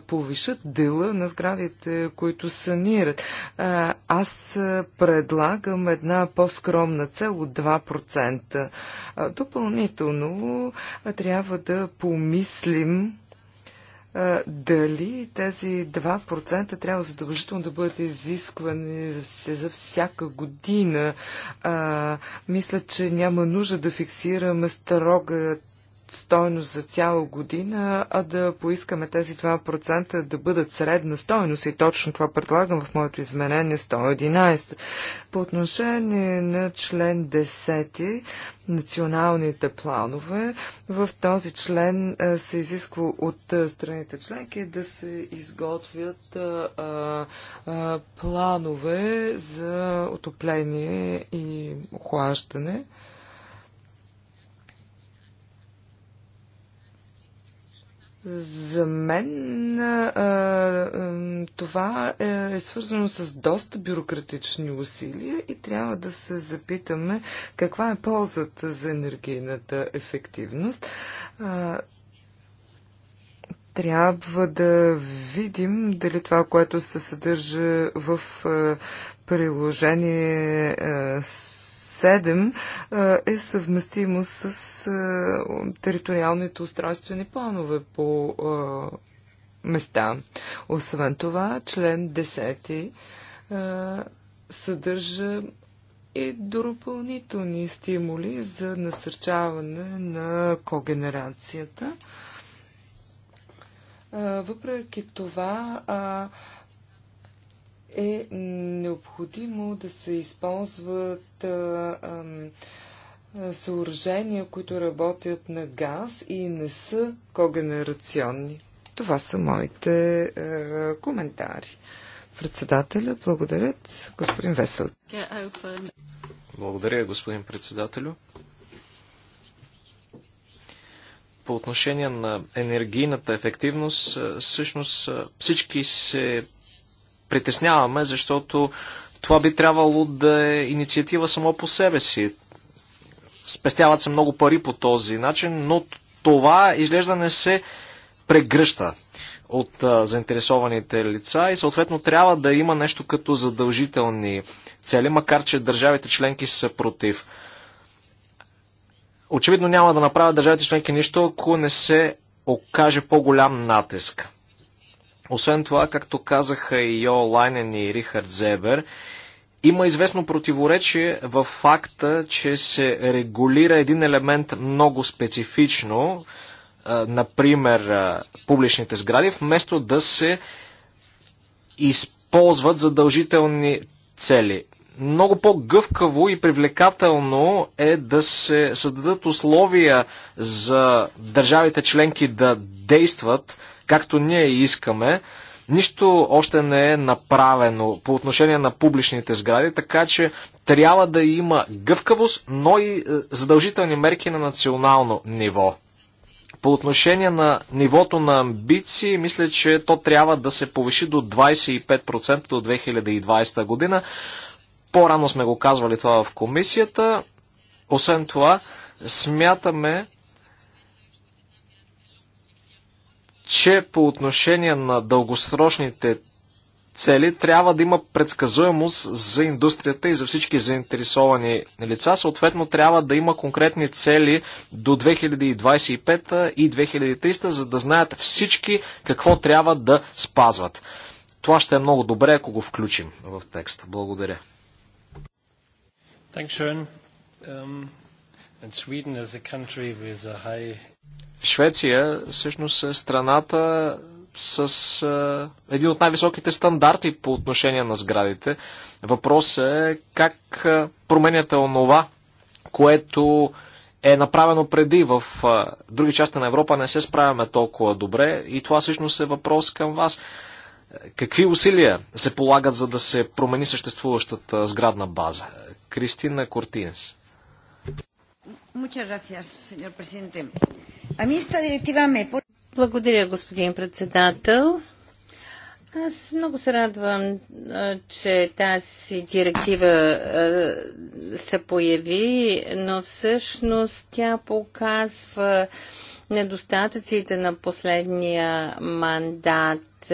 повишат дела на сградите, които санират. Аз предлагам една по-скромна цел от 2%. Допълнително трябва да помислим дали тези 2% трябва задължително да бъдат изисквани за всяка година. А, мисля, че няма нужда да фиксираме строга стойност за цяла година, а да поискаме тези 2% да бъдат средна стойност и точно това предлагам в моето изменение 111. По отношение на член 10, националните планове, в този член се изисква от страните членки да се изготвят а, а, планове за отопление и охлаждане. За мен а, а, това е, е свързано с доста бюрократични усилия и трябва да се запитаме каква е ползата за енергийната ефективност. А, трябва да видим дали това, което се съдържа в приложение 7 е, е съвместимо с е, териториалните устройствени планове по е, места. Освен това, член 10 съдържа и допълнителни стимули за насърчаване на когенерацията. Въпреки това, е необходимо да се използват а, а, съоръжения, които работят на газ и не са когенерационни. Това са моите а, коментари. Председателя, благодарят господин Весел. Благодаря, господин председателю. По отношение на енергийната ефективност, всъщност всички се притесняваме, защото това би трябвало да е инициатива само по себе си. Спестяват се много пари по този начин, но това изглежда не се прегръща от а, заинтересованите лица и съответно трябва да има нещо като задължителни цели, макар че държавите членки са против. Очевидно няма да направят държавите членки нищо, ако не се окаже по-голям натиск. Освен това, както казаха и Йо Лайнен и Рихард Зебер, има известно противоречие в факта, че се регулира един елемент много специфично, например публичните сгради, вместо да се използват задължителни цели. Много по-гъвкаво и привлекателно е да се създадат условия за държавите членки да действат както ние искаме. Нищо още не е направено по отношение на публичните сгради, така че трябва да има гъвкавост, но и е, задължителни мерки на национално ниво. По отношение на нивото на амбиции, мисля, че то трябва да се повиши до 25% до 2020 година. По-рано сме го казвали това в комисията. Освен това, смятаме, че по отношение на дългосрочните цели трябва да има предсказуемост за индустрията и за всички заинтересовани лица. Съответно, трябва да има конкретни цели до 2025 и 2300, за да знаят всички какво трябва да спазват. Това ще е много добре, ако го включим в текста. Благодаря. Dankeschön. Um, and Sweden is a country with a high Швеция всъщност е страната с а, е, един от най-високите стандарти по отношение на сградите. Въпросът е как променят променяте онова, което е направено преди в а, е, други части на Европа не се справяме толкова добре и това всъщност е въпрос към вас. Какви усилия се полагат за да се промени съществуващата сградна база? Кристина Кортинес. Muchas gracias, señor presidente. Ами, esta директива ме... Благодаря, господин председател. Аз много се радвам, че тази директива се появи, но всъщност тя показва недостатъците на последния мандат.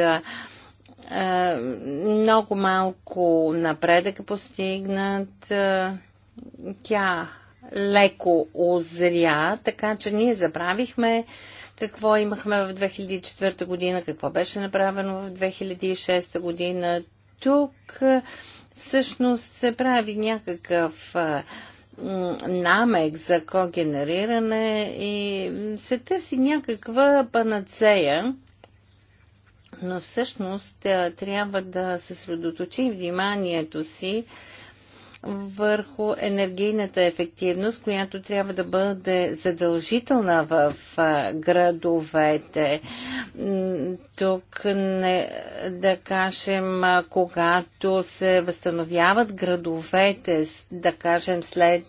Много малко напредък е постигнат. Тя леко озря, така че ние забравихме какво имахме в 2004 година, какво беше направено в 2006 година. Тук всъщност се прави някакъв намек за когенериране и се търси някаква панацея, но всъщност трябва да съсредоточим вниманието си върху енергийната ефективност, която трябва да бъде задължителна в градовете. Тук не, да кажем, когато се възстановяват градовете, да кажем след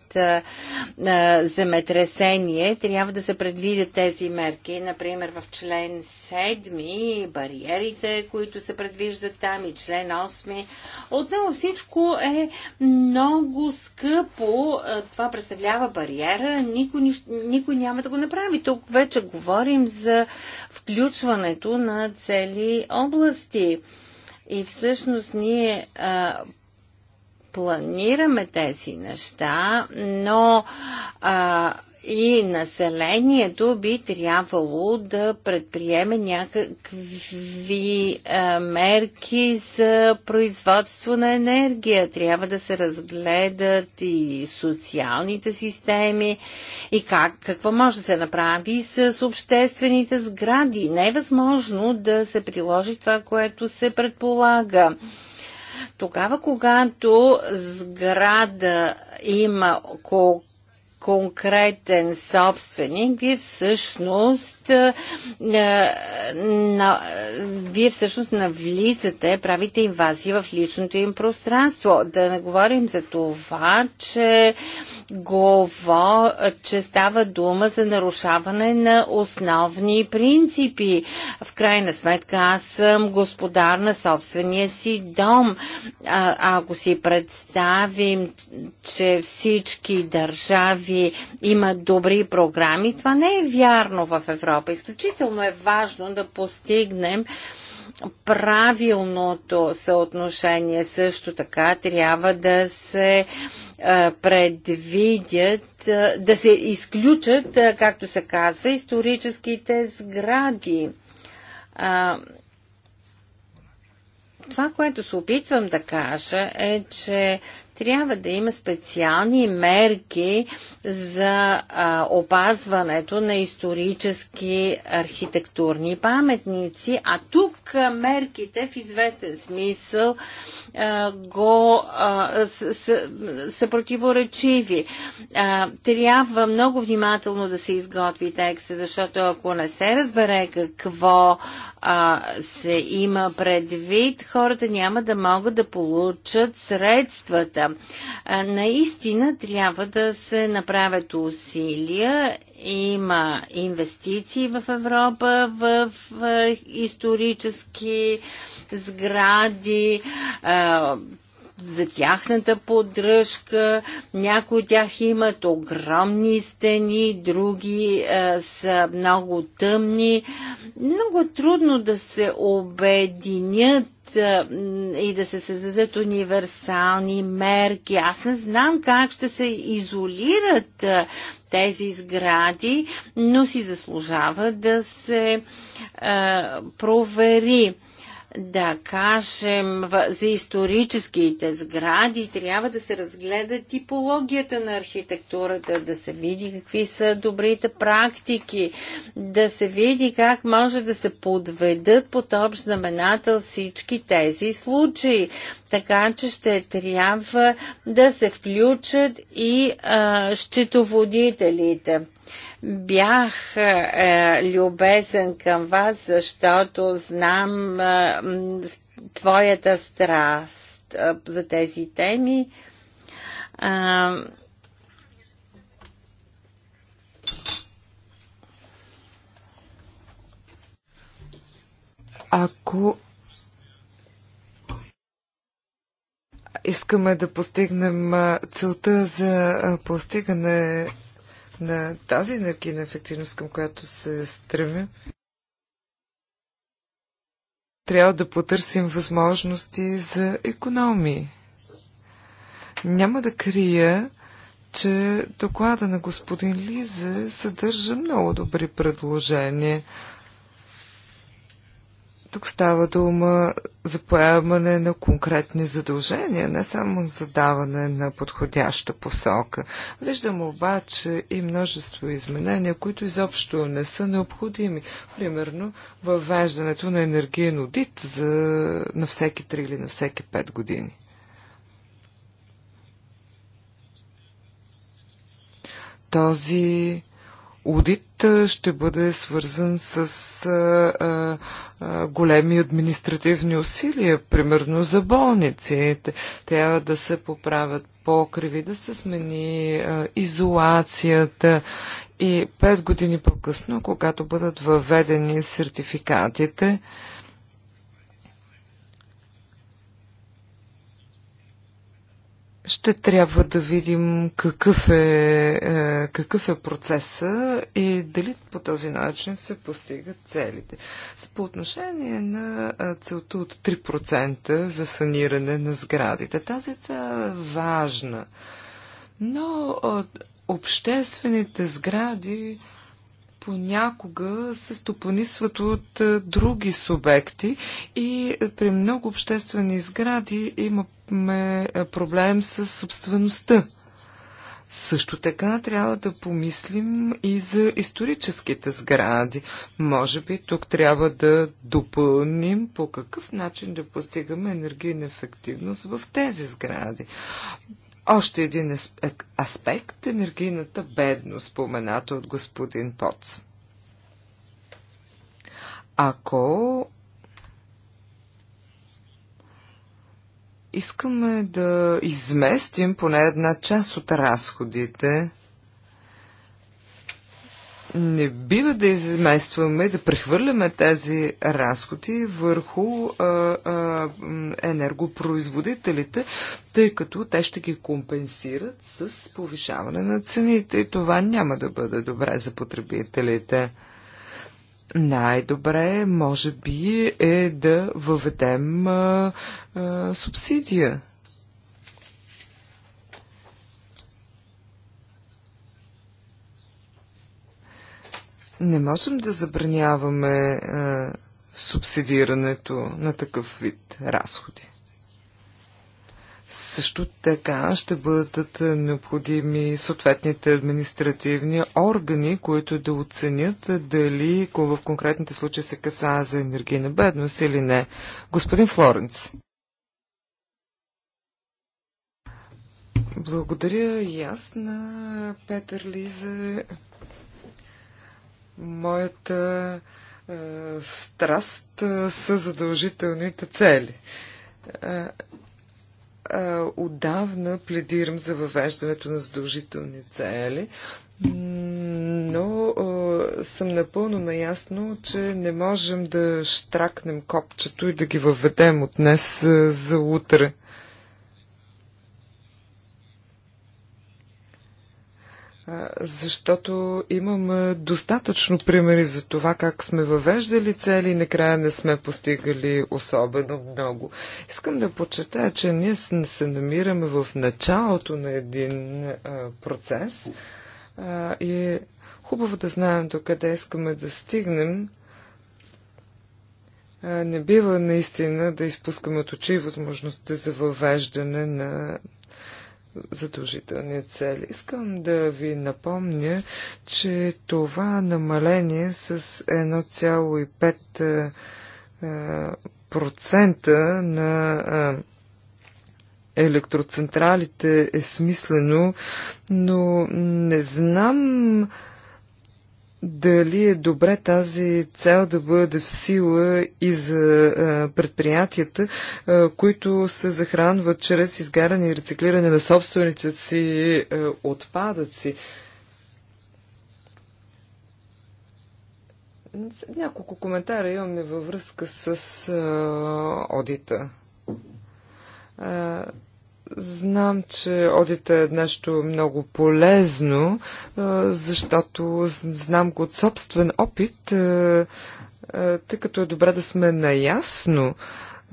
земетресение, трябва да се предвидят тези мерки. Например, в член 7 бариерите, които се предвиждат там и член 8. Отново всичко е много много скъпо. Това представлява бариера. Никой, никой няма да го направи. Тук вече говорим за включването на цели области. И всъщност ние а, планираме тези неща, но а, и населението би трябвало да предприеме някакви а, е, мерки за производство на енергия. Трябва да се разгледат и социалните системи и как, какво може да се направи с обществените сгради. Не е възможно да се приложи това, което се предполага. Тогава, когато сграда има колко конкретен собственик, вие всъщност, а, е, е, на, вие всъщност навлизате, правите инвазии в личното им пространство. Да не говорим за това, че, гово, че става дума за нарушаване на основни принципи. В крайна сметка аз съм господар на собствения си дом. А, ако си представим, че всички държави ви имат добри програми. Това не е вярно в Европа. Изключително е важно да постигнем правилното съотношение. Също така трябва да се предвидят, да се изключат, както се казва, историческите сгради. Това, което се опитвам да кажа е, че трябва да има специални мерки за а, опазването на исторически архитектурни паметници, а тук а, мерките в известен смисъл а, го а, с, с, са противоречиви. А, трябва много внимателно да се изготви текста, защото ако не се разбере какво а, се има предвид, хората няма да могат да получат средствата. А, наистина трябва да се направят усилия. Има инвестиции в Европа, в, в исторически сгради, а, за тяхната поддръжка. Някои от тях имат огромни стени, други а, е, са много тъмни. Много трудно да се обединят е, и да се създадат универсални мерки. Аз не знам как ще се изолират е, тези сгради, но си заслужава да се а, провери да кажем, за историческите сгради трябва да се разгледа типологията на архитектурата, да се види какви са добрите практики, да се види как може да се подведат под общ знаменател всички тези случаи. Така че ще трябва да се включат и а, счетоводителите. Бях е, е, любезен към вас, защото знам е, твоята страст е, за тези теми. Е, ако искаме да постигнем е, целта за е, постигане на тази енергийна ефективност, към която се стремим, трябва да потърсим възможности за економии. Няма да крия, че доклада на господин Лизе съдържа много добри предложения – тук става дума за поемане на конкретни задължения, не само за даване на подходяща посока. Виждам обаче и множество изменения, които изобщо не са необходими. Примерно, въвеждането на енергиен одит за... на всеки 3 или на всеки 5 години. Този одит ще бъде свързан с а, а, големи административни усилия, примерно за болници. Трябва да се поправят покриви, да се смени а, изолацията. И пет години по-късно, когато бъдат въведени сертификатите, а, Ще трябва да видим какъв е, е, какъв е процеса и дали по този начин се постигат целите. По отношение на е, целта от 3% за саниране на сградите, тази цел е важна, но е, обществените сгради понякога се стопанисват от други субекти и при много обществени сгради има имахме е, проблем с собствеността. Също така трябва да помислим и за историческите сгради. Може би тук трябва да допълним по какъв начин да постигаме енергийна ефективност в тези сгради. Още един аспект – енергийната бедност, спомената от господин Поц. Ако искаме да изместим поне една част от разходите. Не бива да изместваме, да прехвърляме тези разходи върху а, а, енергопроизводителите, тъй като те ще ги компенсират с повишаване на цените и това няма да бъде добре за потребителите. Най-добре, може би, е да въведем а, а, субсидия. Не можем да забраняваме а, субсидирането на такъв вид разходи. Също така ще бъдат е, необходими съответните административни органи, които да оценят е, дали в конкретните случаи се касае за енергийна бедност или не. Господин Флоренц. Благодаря и аз на Петър Лизе. Моята е, страст е, са задължителните цели. Е, отдавна пледирам за въвеждането на задължителни цели, но а, съм напълно наясно, че не можем да штракнем копчето и да ги въведем от днес за утре. защото имам достатъчно примери за това как сме въвеждали цели и накрая не сме постигали особено много. Искам да подчертая, че ние се намираме в началото на един процес и е хубаво да знаем до къде искаме да стигнем. Не бива наистина да изпускаме от очи възможността за въвеждане на задължителни цели. Искам да ви напомня, че това намаление с 1,5% е, е, на е, електроцентралите е смислено, но не знам дали е добре тази цел да бъде в сила и за предприятията, които се захранват чрез изгаряне и рециклиране на собствените си отпадъци. Няколко коментара имаме във връзка с одита. Знам, че одита е нещо много полезно, защото знам го от собствен опит, тъй като е добре да сме наясно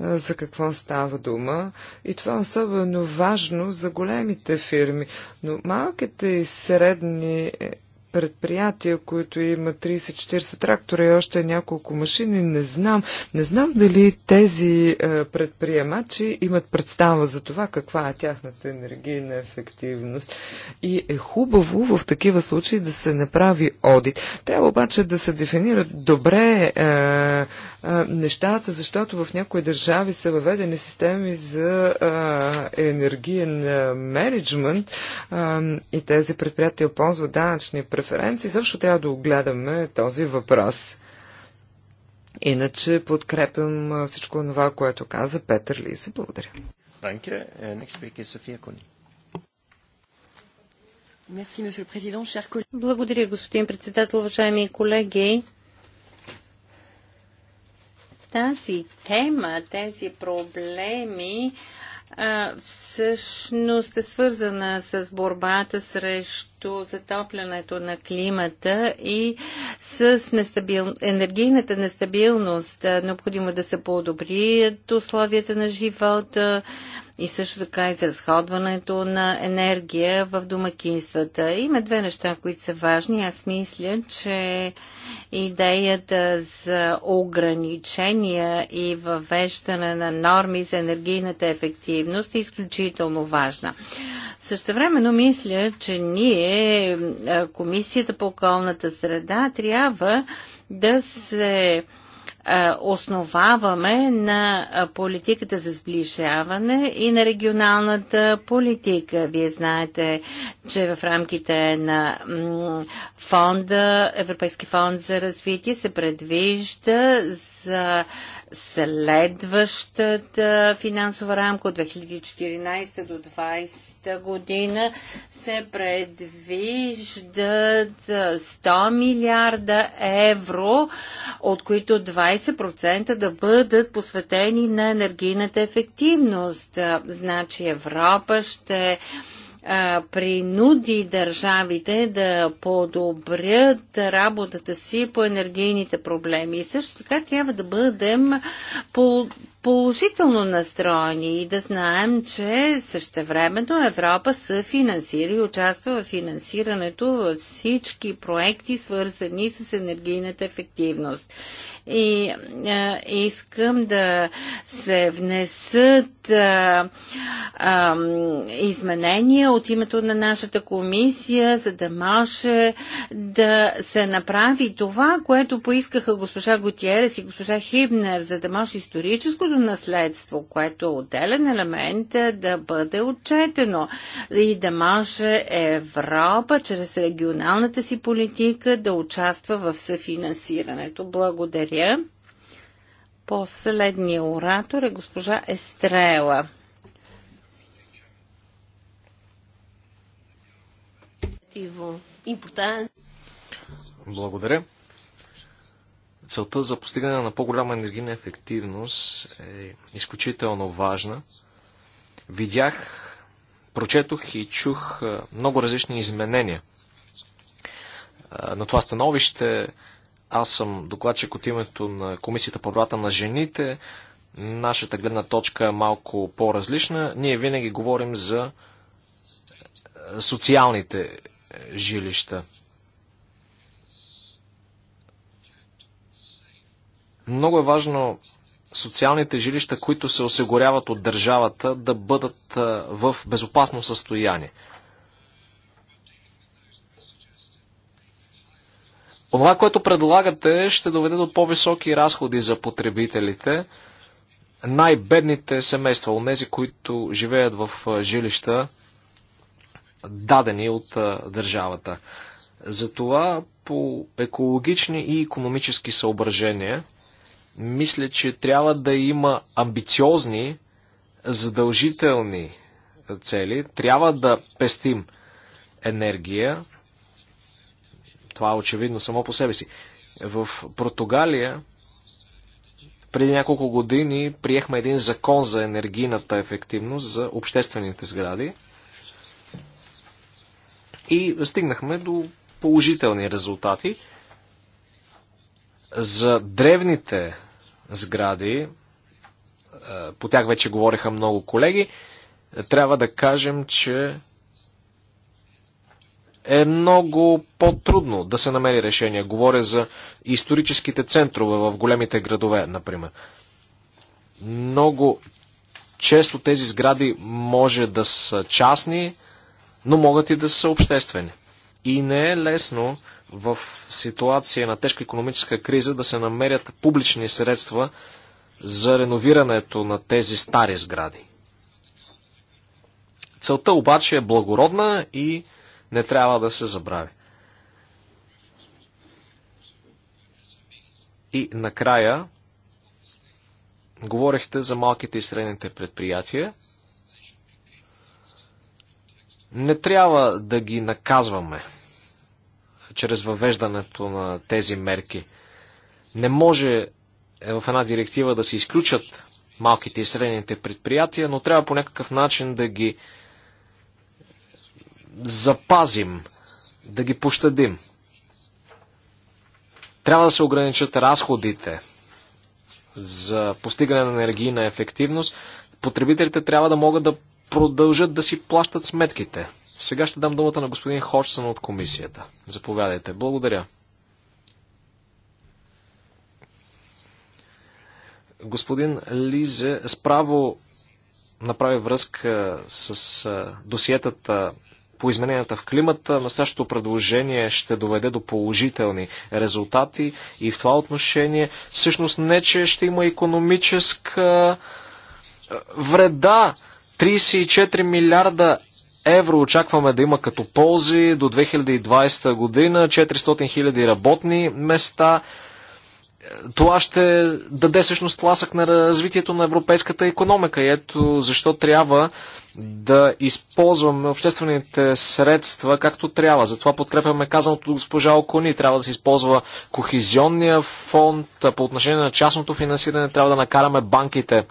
за какво става дума. И това е особено важно за големите фирми. Но малките и средни е, предприятия, които имат 30-40 трактора и още няколко машини, не знам. Не знам дали тези е, предприемачи имат представа за това каква е тяхната енергийна ефективност. И е хубаво в такива случаи да се направи одит. Трябва обаче да се дефинират добре е, нещата, защото в някои държави са въведени системи за а, енергиен менеджмент и тези предприятия ползват данъчни преференции. Защо трябва да огледаме този въпрос. Иначе подкрепям всичко това, което каза Петър Лиза. Благодаря. Äh, Благодаря, господин председател. Уважаеми колеги, тази тема, тези проблеми всъщност е свързана с борбата срещу затоплянето на климата и с нестабил... енергийната нестабилност. Необходимо е да се подобрият условията на живота, и също така изразходването на енергия в домакинствата. Има две неща, които са важни. Аз мисля, че идеята за ограничения и въвеждане на норми за енергийната ефективност е изключително важна. Също времено мисля, че ние, Комисията по околната среда, трябва да се е, основаваме на е, политиката за сближаване и на регионалната политика. Вие знаете, че в рамките на фонда, Европейски фонд за развитие се предвижда за следващата финансова рамка от 2014 до 2020 година се предвиждат 100 милиарда евро, от които 20% да бъдат посветени на енергийната ефективност. Значи Европа ще а, принуди държавите да подобрят работата си по енергийните проблеми. И също така трябва да бъдем по положително настроени и да знаем, че същевременно Европа се финансира и участва в финансирането във всички проекти, свързани с енергийната ефективност и а, искам да се внесат а, а, изменения от името на нашата комисия, за да може да се направи това, което поискаха госпожа Готиерес и госпожа Хибнер, за да може историческото наследство, което е отделен елемент, е да бъде отчетено и да може Европа чрез регионалната си политика да участва в съфинансирането. Благодаря благодаря. Последният оратор е госпожа Естрела. Благодаря. Целта за постигане на по-голяма енергийна ефективност е изключително важна. Видях, прочетох и чух много различни изменения на това становище. Аз съм докладчик от името на Комисията по правата на жените. Нашата гледна точка е малко по-различна. Ние винаги говорим за е, социалните е, жилища. Много е важно социалните жилища, които се осигуряват от държавата, да бъдат е, в безопасно състояние. Онова, което предлагате, ще доведе до по-високи разходи за потребителите. Най-бедните семейства, онези, които живеят в жилища, дадени от държавата. Затова по екологични и економически съображения, мисля, че трябва да има амбициозни, задължителни цели. Трябва да пестим енергия, това е очевидно само по себе си. В Португалия преди няколко години приехме един закон за енергийната ефективност за обществените сгради и стигнахме до положителни резултати. За древните сгради, е, по тях вече говориха много колеги, трябва да кажем, че е много по-трудно да се намери решение. Говоря за историческите центрове в големите градове, например. Много често тези сгради може да са частни, но могат и да са обществени. И не е лесно в ситуация на тежка економическа криза да се намерят публични средства за реновирането на тези стари сгради. Целта обаче е благородна и не трябва да се забрави. И накрая, говорихте за малките и средните предприятия. Не трябва да ги наказваме чрез въвеждането на тези мерки. Не може е, в една директива да се изключат малките и средните предприятия, но трябва по някакъв начин да ги запазим, да ги пощадим. Трябва да се ограничат разходите за постигане на енергийна ефективност. Потребителите трябва да могат да продължат да си плащат сметките. Сега ще дам думата на господин Ходжсън от комисията. Заповядайте. Благодаря. Господин Лизе справо направи връзка с досиетата по измененията в климата, настоящото предложение ще доведе до положителни резултати и в това отношение всъщност не, че ще има економическа вреда. 34 милиарда евро очакваме да има като ползи до 2020 година, 400 хиляди работни места. Това ще даде всъщност тласък на развитието на европейската економика. И ето защо трябва да използваме обществените средства както трябва. Затова подкрепяме казаното от госпожа Окони. Трябва да се използва Кохизионния фонд. По отношение на частното финансиране трябва да накараме банките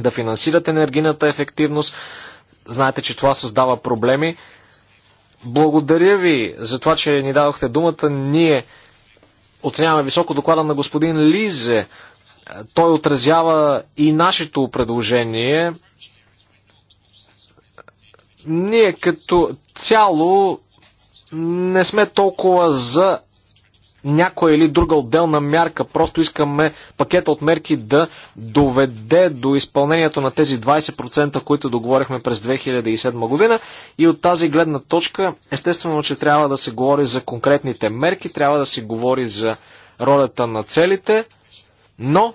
да финансират енергийната ефективност. Знаете, че това създава проблеми. Благодаря ви за това, че ни дадохте думата. Ние оценяваме високо доклада на господин Лизе. Той отразява и нашето предложение. Ние като цяло не сме толкова за някоя или друга отделна мярка. Просто искаме пакета от мерки да доведе до изпълнението на тези 20%, които договорихме през 2007 година. И от тази гледна точка, естествено, че трябва да се говори за конкретните мерки, трябва да се говори за ролята на целите, но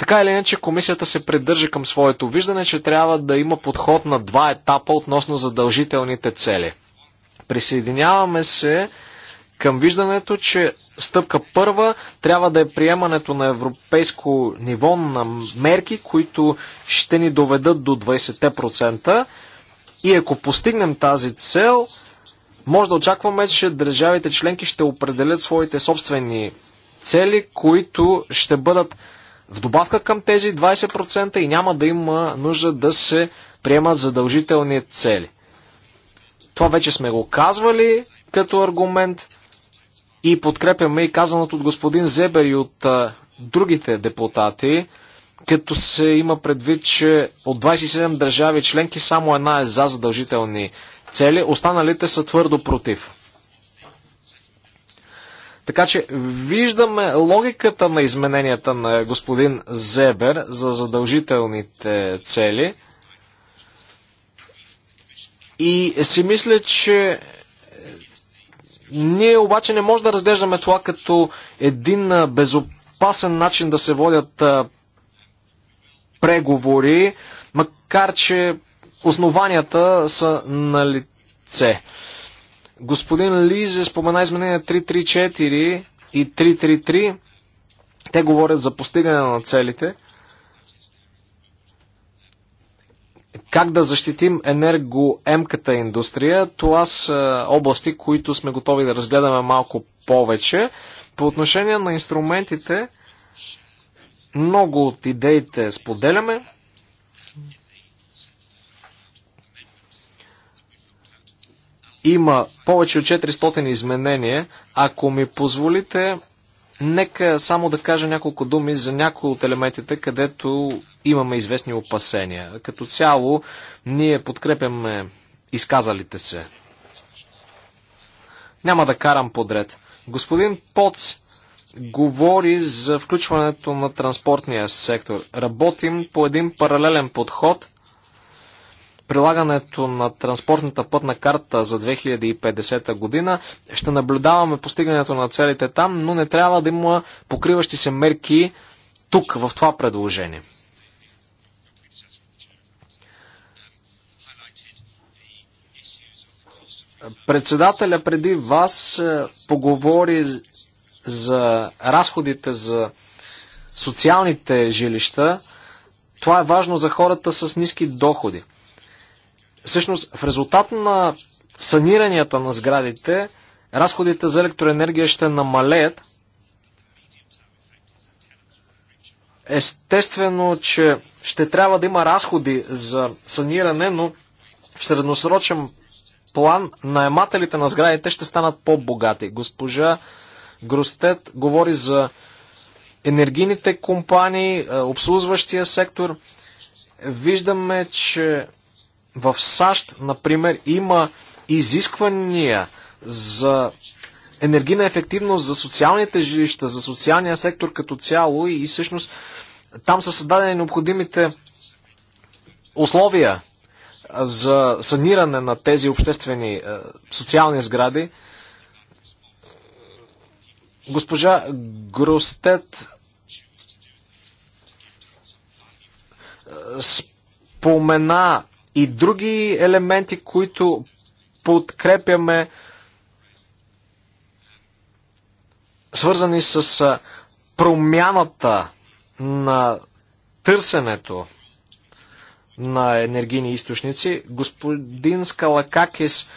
така или иначе, комисията се придържа към своето виждане, че трябва да има подход на два етапа относно задължителните цели. Присъединяваме се към виждането, че стъпка първа трябва да е приемането на европейско ниво на мерки, които ще ни доведат до 20%. И ако постигнем тази цел, може да очакваме, че държавите членки ще определят своите собствени цели, които ще бъдат в добавка към тези 20% и няма да има нужда да се приемат задължителни цели. Това вече сме го казвали като аргумент и подкрепяме и казаното от господин Зебер и от а, другите депутати, като се има предвид, че от 27 държави членки само една е за задължителни цели, останалите са твърдо против. Така че виждаме логиката на измененията на господин Зебер за задължителните цели. И си мисля, че ние обаче не можем да разглеждаме това като един безопасен начин да се водят преговори, макар че основанията са на лице. Господин Лизе спомена изменения 334 и 333. Те говорят за постигане на целите. Как да защитим енергоемката индустрия? Това са области, които сме готови да разгледаме малко повече. По отношение на инструментите, много от идеите споделяме. Има повече от 400 изменения. Ако ми позволите, нека само да кажа няколко думи за някои от елементите, където имаме известни опасения. Като цяло, ние подкрепяме изказалите се. Няма да карам подред. Господин Поц говори за включването на транспортния сектор. Работим по един паралелен подход прилагането на транспортната пътна карта за 2050 година. Ще наблюдаваме постигането на целите там, но не трябва да има покриващи се мерки тук, в това предложение. Председателя преди вас е, поговори за разходите за социалните жилища. Това е важно за хората с ниски доходи. Всъщност, в резултат на саниранията на сградите, разходите за електроенергия ще намалеят. Естествено, че ще трябва да има разходи за саниране, но в средносрочен план наемателите на сградите ще станат по-богати. Госпожа Гростет говори за енергийните компании, е, обслужващия сектор. Виждаме, че в САЩ, например, има изисквания за енергийна ефективност за социалните жилища, за социалния сектор като цяло и, всъщност там са създадени необходимите условия за саниране на тези обществени социални сгради. Госпожа Гростет спомена и други елементи, които подкрепяме, свързани с промяната на търсенето на енергийни източници. Господин Скалакакис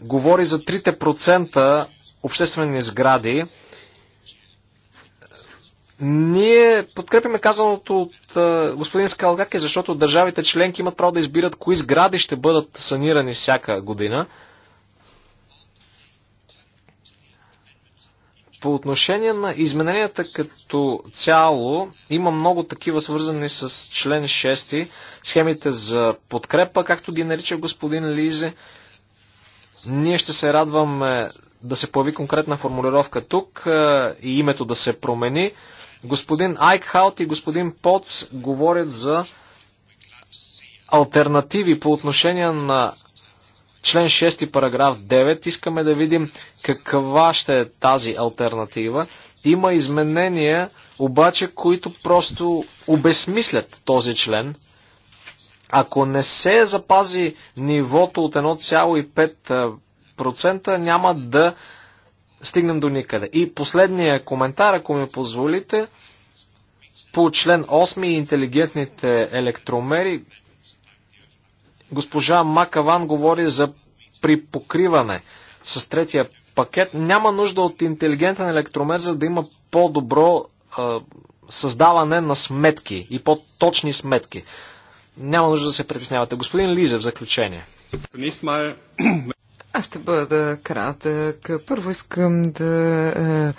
говори за 3% обществени сгради, ние подкрепяме казаното от а, господин Скалгаке, защото държавите членки имат право да избират кои сгради ще бъдат санирани всяка година. По отношение на измененията като цяло, има много такива свързани с член 6, схемите за подкрепа, както ги нарича господин Лизе. Ние ще се радваме да се появи конкретна формулировка тук и името да се промени. Господин Айкхаут и господин Поц говорят за альтернативи по отношение на член 6 параграф 9. Искаме да видим каква ще е тази альтернатива. Има изменения, обаче, които просто обесмислят този член. Ако не се запази нивото от 1,5%, няма да стигнем до никъде. И последния коментар, ако ми позволите, по член 8 интелигентните електромери, госпожа Макаван говори за припокриване с третия пакет. Няма нужда от интелигентен електромер, за да има по-добро създаване на сметки и по-точни сметки. Няма нужда да се притеснявате. Господин Лиза, в заключение. Аз ще бъда кратък. Първо искам да е,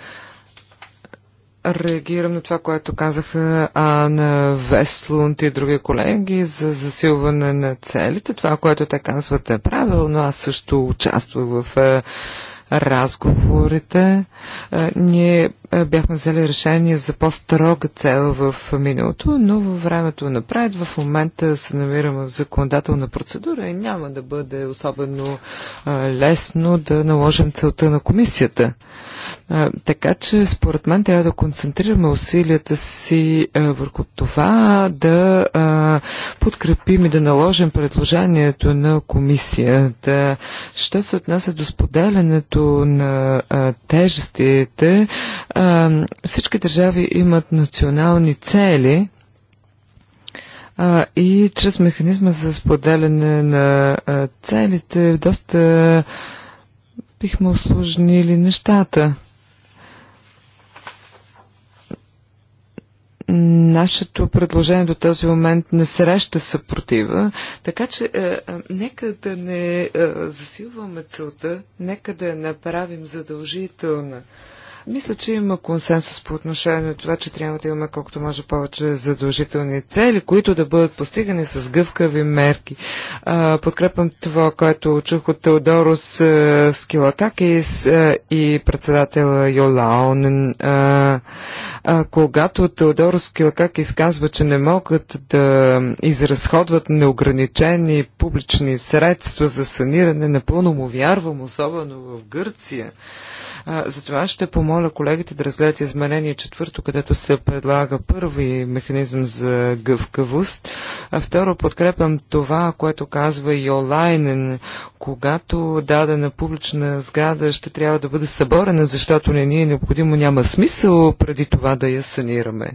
реагирам на това, което казаха на Вестлунд и други колеги за засилване на целите. Това, което те казват е правилно. Аз също участвах в е, разговорите. Е, ние е, бяхме взели решение за по-строга цел в миналото, но във времето напред в момента се намираме в законодателна процедура и няма да бъде особено е, лесно да наложим целта на комисията така че, според мен, трябва да концентрираме усилията си върху това да подкрепим и да наложим предложението на комисията. Що се отнася до споделянето на тежестите, всички държави имат национални цели, а, и чрез механизма за споделяне на а, целите доста бихме осложнили нещата. Нашето предложение до този момент не среща съпротива, така че е, е, нека да не е, засилваме целта, нека да я направим задължителна. Мисля, че има консенсус по отношение на това, че трябва да имаме колкото може повече задължителни цели, които да бъдат постигани с гъвкави мерки. А, подкрепям това, което чух от Теодорос Скилакакис и председател Йолаон. А, а, когато Теодорос Скилакакис казва, че не могат да изразходват неограничени публични средства за саниране, напълно му вярвам, особено в Гърция. А, затова ще помогна помоля колегите да разгледат изменение четвърто, където се предлага първи механизъм за гъвкавост. А второ, подкрепям това, което казва и Олайнен, когато дадена публична сграда ще трябва да бъде съборена, защото не ни е необходимо, няма смисъл преди това да я санираме.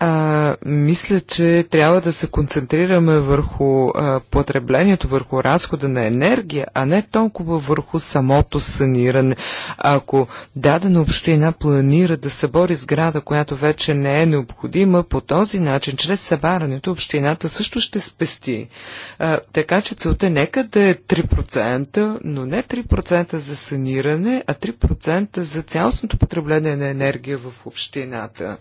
а, мисля, че трябва да се концентрираме върху а, потреблението, върху разхода на енергия, а не толкова върху самото саниране. Ако дадена община планира да събори сграда, която вече не е необходима, по този начин, чрез събарането, общината също ще спести. А, така че целта е нека да е 3%, но не 3% за саниране, а 3% за цялостното потребление на енергия в общината.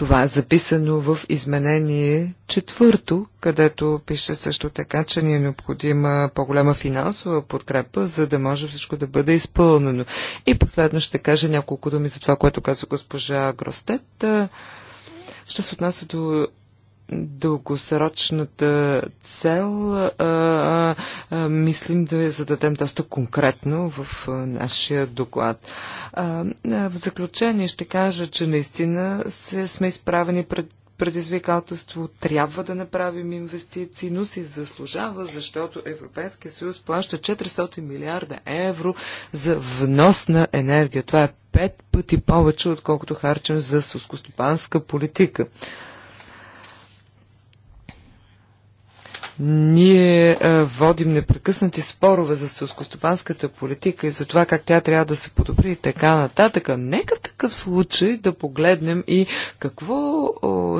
Това е записано в изменение четвърто, където пише също така, че ни е необходима по-голяма финансова подкрепа, за да може всичко да бъде изпълнено. И последно ще кажа няколко думи за това, което каза госпожа Гростет. Ще се отнася до дългосрочната цел а, а, а, мислим да я зададем доста конкретно в а, нашия доклад. А, а, в заключение ще кажа, че наистина се, сме изправени пред предизвикателство. Трябва да направим инвестиции, но си заслужава, защото Европейския съюз плаща 400 милиарда евро за внос на енергия. Това е пет пъти повече, отколкото харчен за сускостопанска политика. Ние е, водим непрекъснати спорове за селскостопанската политика и за това как тя трябва да се подобри и така нататък. Нека в такъв случай да погледнем и какво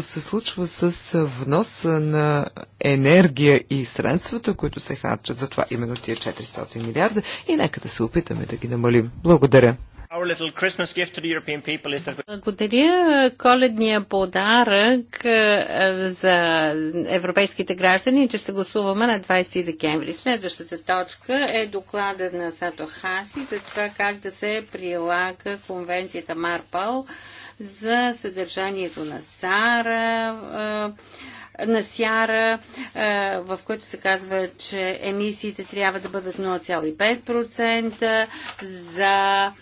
се случва с е, внос на енергия и средствата, които се харчат за това именно тия 400 милиарда и нека да се опитаме да ги намалим. Благодаря. Благодаря. Коледния подарък е, за европейските граждани, че ще гласуваме на 20 декември. Следващата точка е доклада на Сато Хаси за това как да се прилага конвенцията Марпал за съдържанието на Сара е, на Сяра, е, в който се казва, че емисиите трябва да бъдат 0,5% за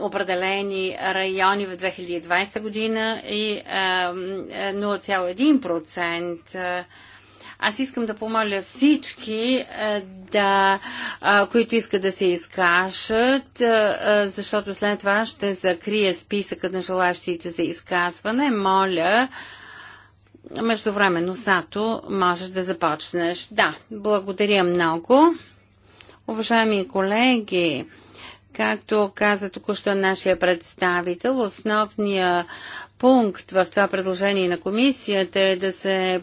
определени райони в 2020 година и 0,1%. Е, Аз искам да помоля всички, е, да, които искат да се изкажат, е, защото след това ще закрия списъкът на желащите за изказване. Моля, междувременно, Сато, можеш да започнеш. Да, благодаря много. Уважаеми колеги, Както каза току-що нашия представител, основният пункт в това предложение на комисията е да се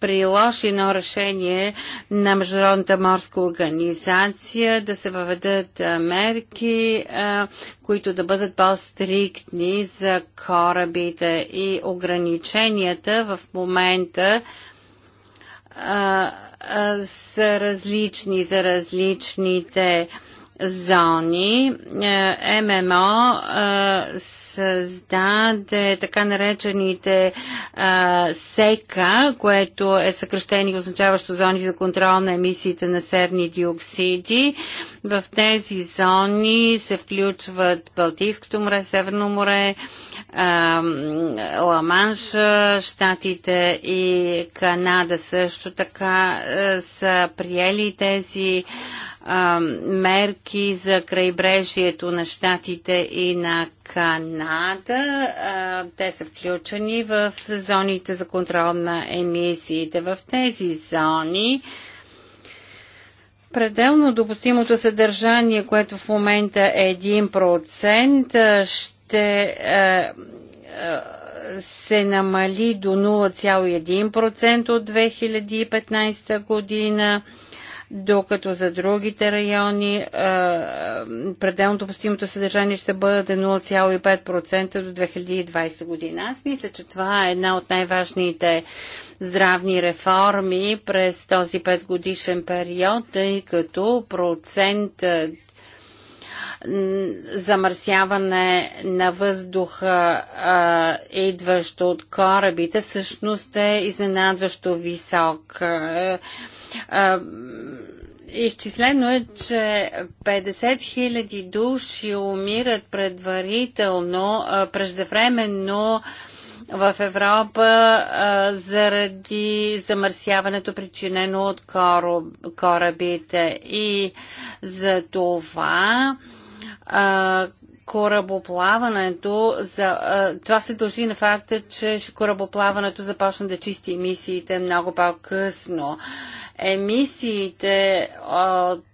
приложи едно решение на Международната морска организация, да се въведат мерки, които да бъдат по-стриктни за корабите и ограниченията в момента са различни за различните а, зони. Е, ММО е, създаде така наречените е, СЕКА, което е съкръщение, означаващо зони за контрол на емисиите на серни диоксиди. В тези зони се включват Балтийското море, Северно море, Ламанш, Штатите и Канада също така са приели тези мерки за крайбрежието на щатите и на Канада. А, те са включени в зоните за контрол на емисиите. В тези зони пределно допустимото съдържание, което в момента е 1%, ще а, е, е, се намали до 0,1% от 2015 година докато за другите райони пределното постимото съдържание ще бъде 0,5% до 2020 година. Аз мисля, че това е една от най-важните здравни реформи през този петгодишен период, тъй като процент замърсяване на въздуха, а, идващо от корабите, всъщност е изненадващо висок. А, Изчислено е, че 50 хиляди души умират предварително, преждевременно в Европа заради замърсяването, причинено от корабите. И за това корабоплаването, за, това се дължи на факта, че корабоплаването започна да чисти емисиите много по-късно. Емисиите от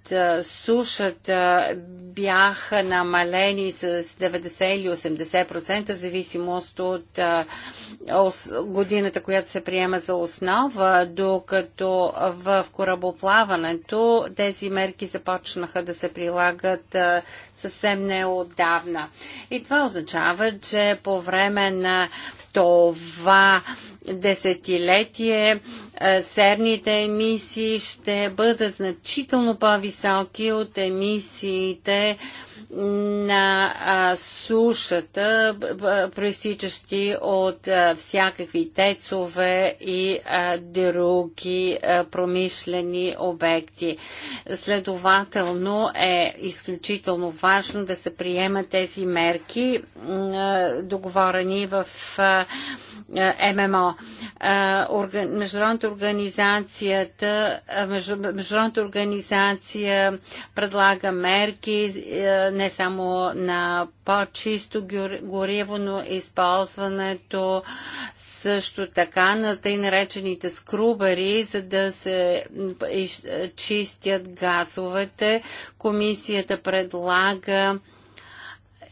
сушата бяха намалени с 90 или 80% в зависимост от годината, която се приема за основа, докато в корабоплаването тези мерки започнаха да се прилагат съвсем неотдавна отдавна. И това означава, че по време на това десетилетие е, серните емисии ще бъдат значително по-високи от емисиите на а, сушата, проистичащи от а, всякакви тецове и а, други а, промишлени обекти. Следователно е изключително важно да се приемат тези мерки, а, договорени в а, ММО. Международната организацията, международната организация предлага мерки, не не само на по-чисто гориво, но използването също така на тъй наречените скрубари, за да се е, чистят газовете. Комисията предлага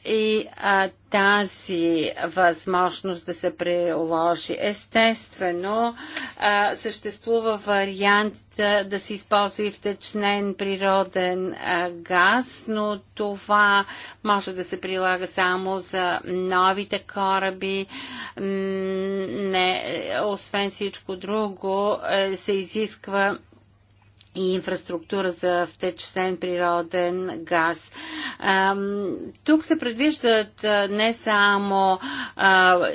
и а, тази възможност да се приложи. Естествено, а, съществува вариант да, да се използва и втечнен природен а, газ, но това може да се прилага само за новите кораби. Не, освен всичко друго, а, е, се изисква и инфраструктура за втечен природен газ. Тук се предвиждат не само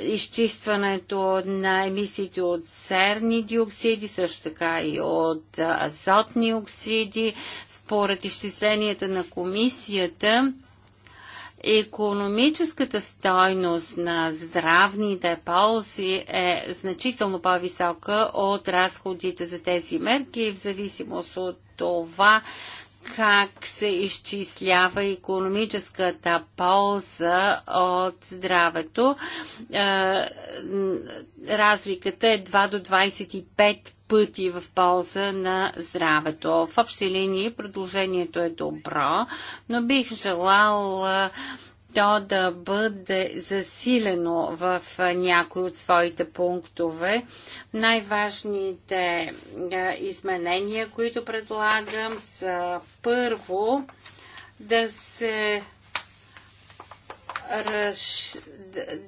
изчистването на емисиите от серни диоксиди, също така и от азотни оксиди. Според изчисленията на комисията, економическата стойност на здравните ползи е значително по-висока от разходите за тези мерки, в зависимост от това как се изчислява економическата полза от здравето. Е, разликата е 2 до 25 пъти в полза на здравето. В общи линии продължението е добро, но бих желал то да бъде засилено в някои от своите пунктове. Най-важните е, изменения, които предлагам, са първо да се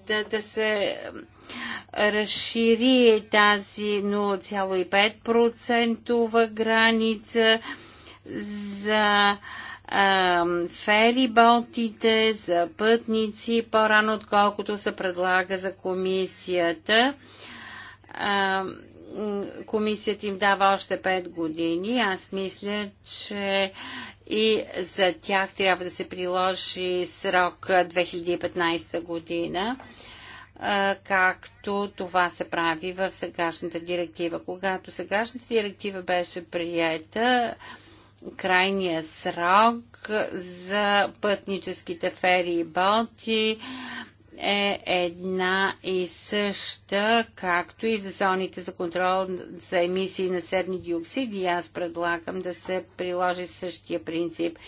да, да се разшири тази 0,5% граница за фериболтите, за пътници, по-рано отколкото се предлага за комисията. комисията им дава още 5 години. Аз мисля, че и за тях трябва да се приложи срок 2015 година както това се прави в сегашната директива. Когато сегашната директива беше приета, крайния срок за пътническите фери и болти е една и съща, както и за зоните за контрол за емисии на серни диоксиди. Аз предлагам да се приложи същия принцип.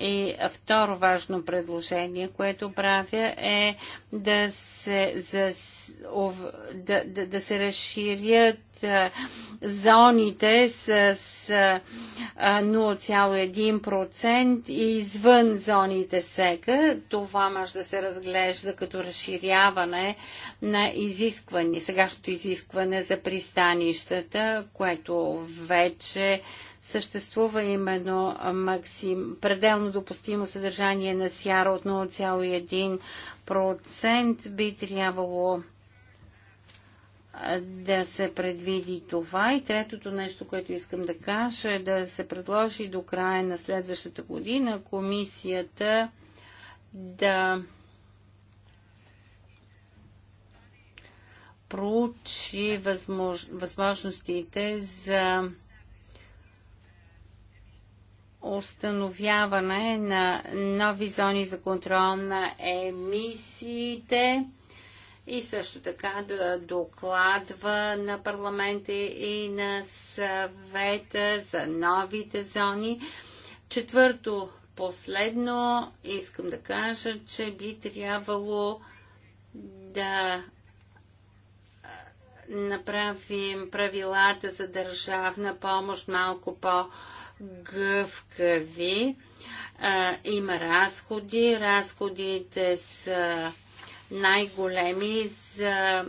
И второ важно предложение, което правя е да се, за, да, да, да се разширят зоните с, 0,1% и извън зоните сека. Това може да се разглежда като разширяване на изискване, сегашното изискване за пристанищата, което вече съществува именно максим, пределно допустимо съдържание на сяра от 0,1%. Би трябвало да се предвиди това. И третото нещо, което искам да кажа, е да се предложи до края на следващата година комисията да проучи възмож... възможностите за установяване на нови зони за контрол на емисиите и също така да докладва на парламента и на съвета за новите зони. Четвърто, последно, искам да кажа, че би трябвало да направим правилата за държавна помощ малко по- гъвкави. А, има разходи. Разходите са най-големи за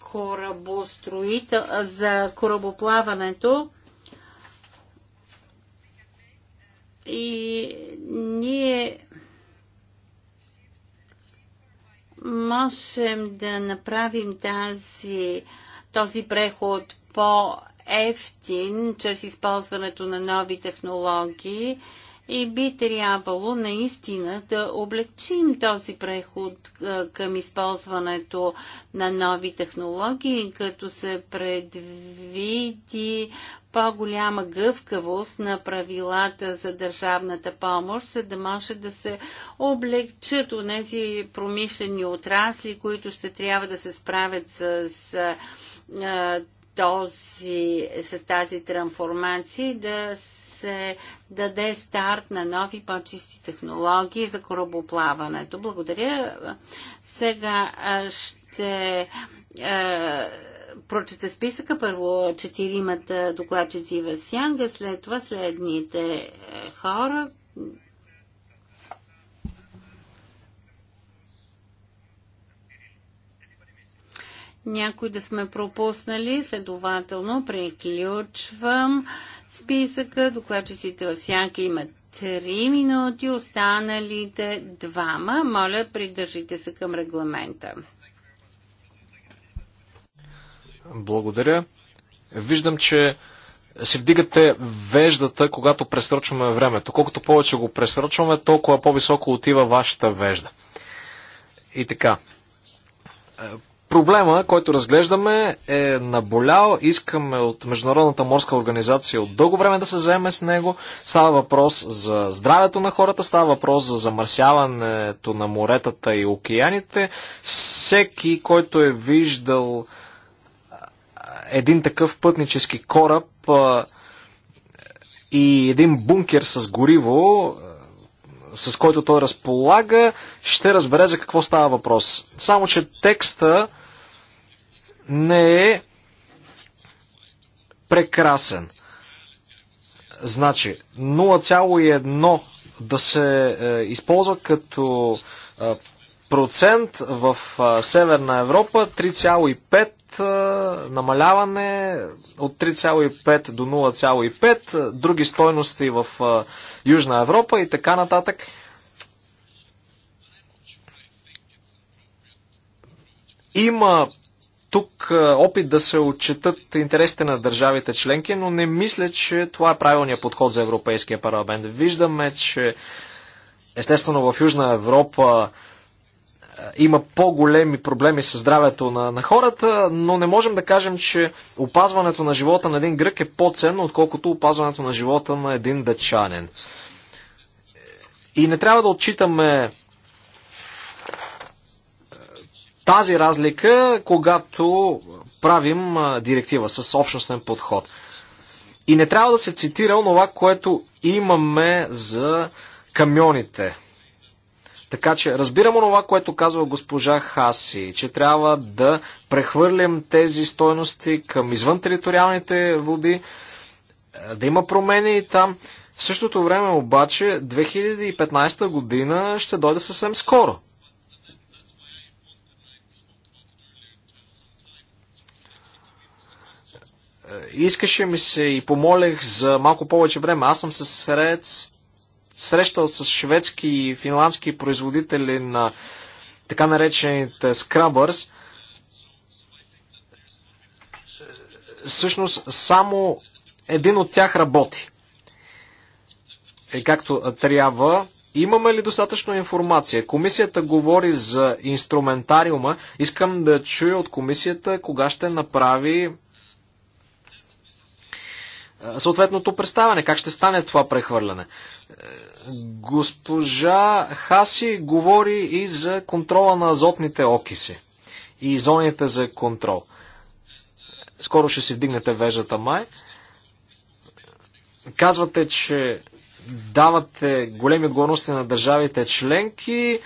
корабостроител, за корабоплаването. И ние можем да направим тази, този преход по ефтин чрез използването на нови технологии и би трябвало наистина да облегчим този преход към използването на нови технологии, като се предвиди по-голяма гъвкавост на правилата за държавната помощ, за да може да се облегчат от тези промишлени отрасли, които ще трябва да се справят с, с този, с тази трансформация да се даде старт на нови по-чисти технологии за корабоплаването. Благодаря. Сега ще е, прочета списъка. Първо четиримата докладчици в Сянга, след това следните хора, някой да сме пропуснали. Следователно приключвам списъка. Докладчиците във всяка имат 3 минути, останалите двама. Моля, придържите се към регламента. Благодаря. Виждам, че се вдигате веждата, когато пресрочваме времето. Колкото повече го пресрочваме, толкова по-високо отива вашата вежда. И така. Проблема, който разглеждаме е наболял. Искаме от Международната морска организация от дълго време да се заеме с него. Става въпрос за здравето на хората, става въпрос за замърсяването на моретата и океаните. Всеки, който е виждал един такъв пътнически кораб и един бункер с гориво, с който той разполага, ще разбере за какво става въпрос. Само, че текста не е прекрасен. Значи 0,1 да се е, използва като е, процент в е, Северна Европа, 3,5 е, намаляване от 3,5 до 0,5, е, други стойности в е, Южна Европа и така нататък. Има тук е, опит да се отчитат интересите на държавите членки, но не мисля, че това е правилният подход за Европейския парламент. Виждаме, че естествено в Южна Европа е, има по-големи проблеми с здравето на, на хората, но не можем да кажем, че опазването на живота на един грък е по-ценно, отколкото опазването на живота на един дъчанин. И не трябва да отчитаме тази разлика, когато правим директива с общностен подход. И не трябва да се цитира онова, което имаме за камионите. Така че разбирам онова, което казва госпожа Хаси, че трябва да прехвърлим тези стойности към извън териториалните води, е, да има промени и там. В същото време обаче 2015 година ще дойде съвсем скоро. искаше ми се и помолех за малко повече време. Аз съм се сред... срещал с шведски и финландски производители на така наречените скрабърс. Всъщност само един от тях работи е, както трябва. Имаме ли достатъчно информация? Комисията говори за инструментариума. Искам да чуя от комисията кога ще направи съответното представяне. Как ще стане това прехвърляне? Госпожа Хаси говори и за контрола на азотните окиси и зоните за контрол. Скоро ще си вдигнете вежата май. Казвате, че давате големи отговорности на държавите членки.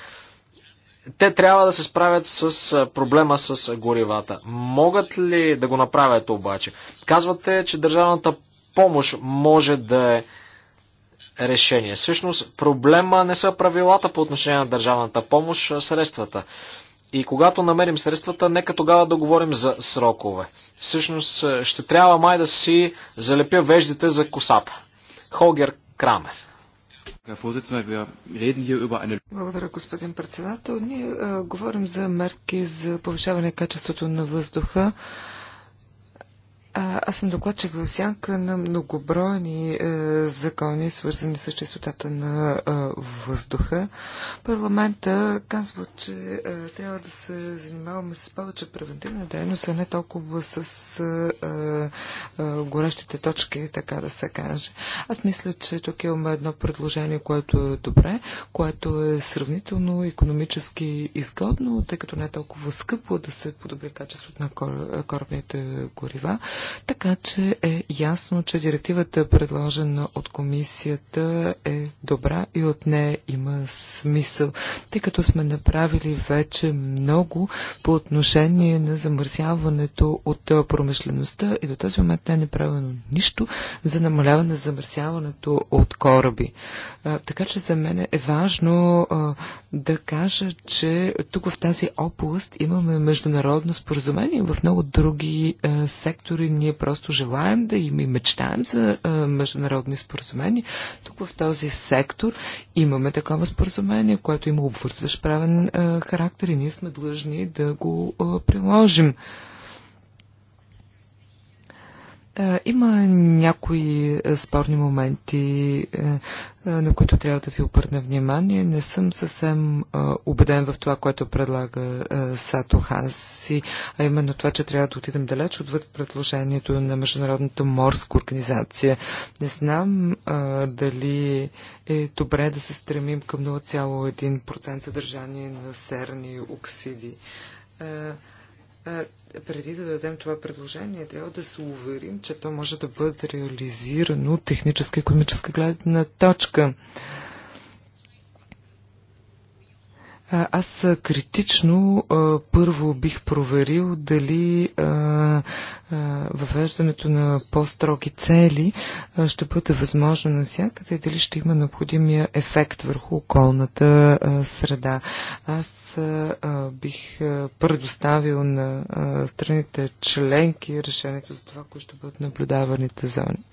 Те трябва да се справят с проблема с горивата. Могат ли да го направят обаче? Казвате, че държавната помощ може да е решение. Всъщност проблема не са правилата по отношение на държавната помощ, а средствата. И когато намерим средствата, нека тогава да говорим за срокове. Всъщност ще трябва май да си залепя веждите за косата. Холгер Крамер. Благодаря, господин председател. Ние а, говорим за мерки за повишаване качеството на въздуха. А, аз съм докладчик в сянка на многобройни е, закони, свързани с чистотата на е, въздуха. Парламента казва, че е, трябва да се занимаваме с повече превентивна дейност, а не толкова с е, е, е горещите точки, така да се каже. Аз мисля, че тук имаме едно предложение, което е добре, което е сравнително економически изгодно, тъй като не е толкова скъпо да се подобри качеството на кор... Е, корабните горива така че е ясно, че директивата, предложена от комисията, е добра и от нея има смисъл, тъй като сме направили вече много по отношение на замърсяването от промишлеността и до този момент не е направено нищо за намаляване на замърсяването от кораби. Така че за мен е важно да кажа, че тук в тази област имаме международно споразумение в много други сектори ние просто желаем да им и мечтаем за а, международни споразумения. Тук в този сектор имаме такова споразумение, което има обвързващ правен а, характер и ние сме длъжни да го а, приложим. Е, има някои е, спорни моменти, е, на които трябва да ви обърна внимание. Не съм съвсем убеден в това, което предлага Сато Ханси, а именно това, че трябва да отидем далеч отвъд предложението на Международната морска организация. Не знам дали е добре да се стремим към 0,1% съдържание на серни оксиди преди да дадем това предложение, трябва да се уверим, че то може да бъде реализирано техническа и економическа гледна точка. Аз критично първо бих проверил дали въвеждането на по-строги цели ще бъде възможно навсякъде и дали ще има необходимия ефект върху околната среда. Аз бих предоставил на страните членки решението за това, кои ще бъдат наблюдаваните зони.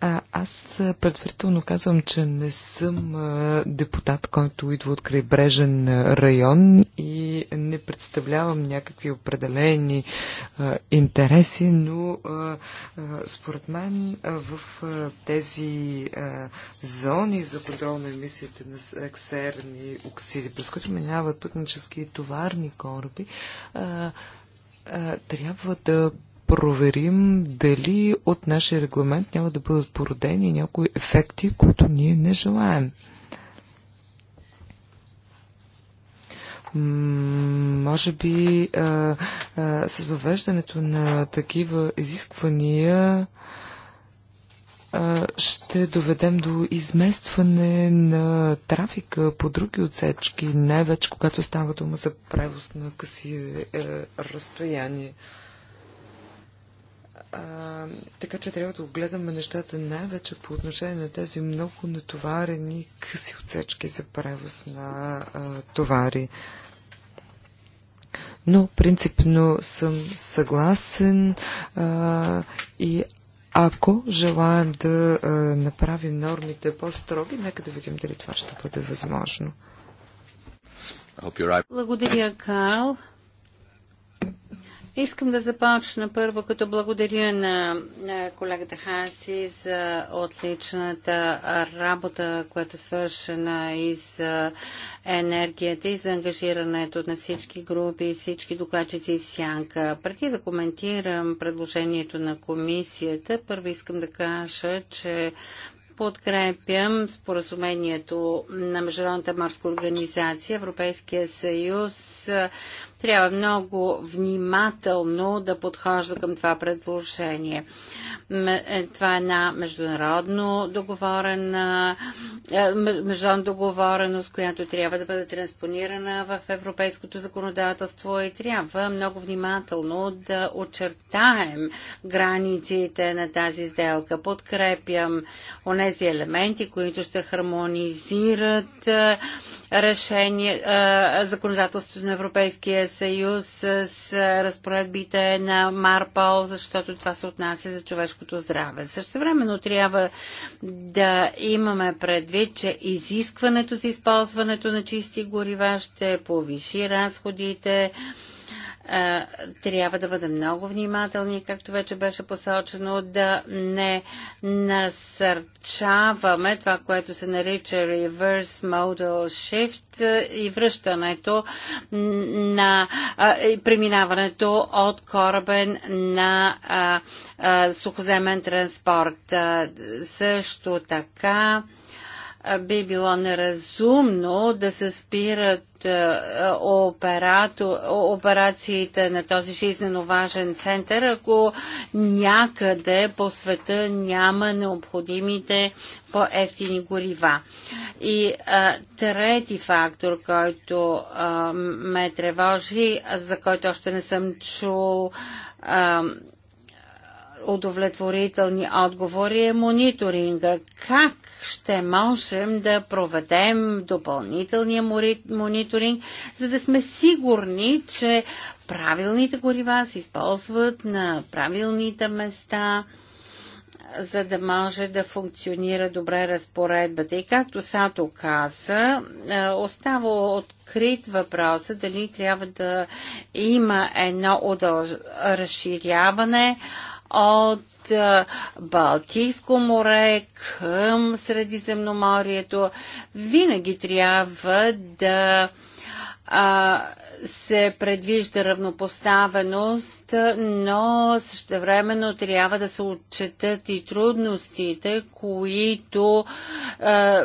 А, аз предварително казвам, че не съм а, депутат, който идва от крайбрежен район и не представлявам някакви определени а, интереси, но а, а, според мен а, в а, тези а, зони за контрол на емисиите на ексерни оксиди, през които минават пътнически и товарни кораби, а, трябва да проверим дали от нашия регламент няма да бъдат породени някои ефекти, които ние не желаем. Може би а, а, с въвеждането на такива изисквания а, ще доведем до изместване на трафика по други отсечки, най-вече когато става дума за превоз на къси е, разстояние. А, така че трябва да огледаме нещата най-вече по отношение на тези много натоварени къси отсечки за превоз на а, товари. Но принципно съм съгласен а, и ако желаем да а, направим нормите по-строги, нека да видим дали това ще бъде възможно. Благодаря, Карл. Искам да започна първо като благодаря на колегата Ханси за отличната работа, която е свършена и за енергията и за ангажирането на всички групи, всички докладчици и в сянка. Преди да коментирам предложението на комисията, първо искам да кажа, че подкрепям споразумението на Международната морска организация. Европейския съюз трябва много внимателно да подхожда към това предложение. Е, това е една международно договорена, е, международна договореност, която трябва да бъде транспонирана в европейското законодателство и трябва много внимателно да очертаем границите на тази сделка. Подкрепям онези елементи, които ще хармонизират е, решение, законодателството на Европейския съюз с разпоредбите на Марпол, защото това се отнася за човешкото здраве. Също времено трябва да имаме предвид, че изискването за използването на чисти горива ще повиши разходите, трябва да бъдем много внимателни, както вече беше посочено, да не насърчаваме това, което се нарича reverse modal shift и връщането на преминаването от корабен на сухоземен транспорт. Също така би било неразумно да се спират е, е, операциите на този жизненно важен център, ако някъде по света няма необходимите по-ефтини горива. И а, е, трети фактор, който а, ме тревожи, за който още не съм чул а, удовлетворителни отговори е мониторинга. Как ще можем да проведем допълнителния мониторинг, за да сме сигурни, че правилните горива се използват на правилните места, за да може да функционира добре разпоредбата. И както Сато каза, е, остава открит въпроса дали трябва да има едно удълж... разширяване от Балтийско море към Средиземноморието, винаги трябва да а, се предвижда равнопоставеност, но същевременно трябва да се отчетат и трудностите, които, а,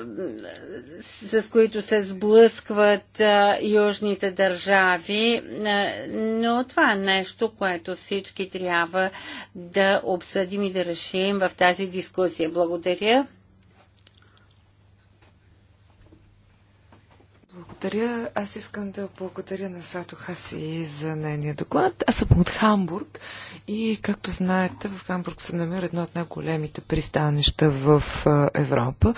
с които се сблъскват а, южните държави. А, но това е нещо, което всички трябва да обсъдим и да решим в тази дискусия. Благодаря. Благодаря. Аз искам да благодаря на Сато Хаси за нейния доклад. Аз съм от Хамбург и, както знаете, в Хамбург се намира едно от най-големите пристанища в Европа.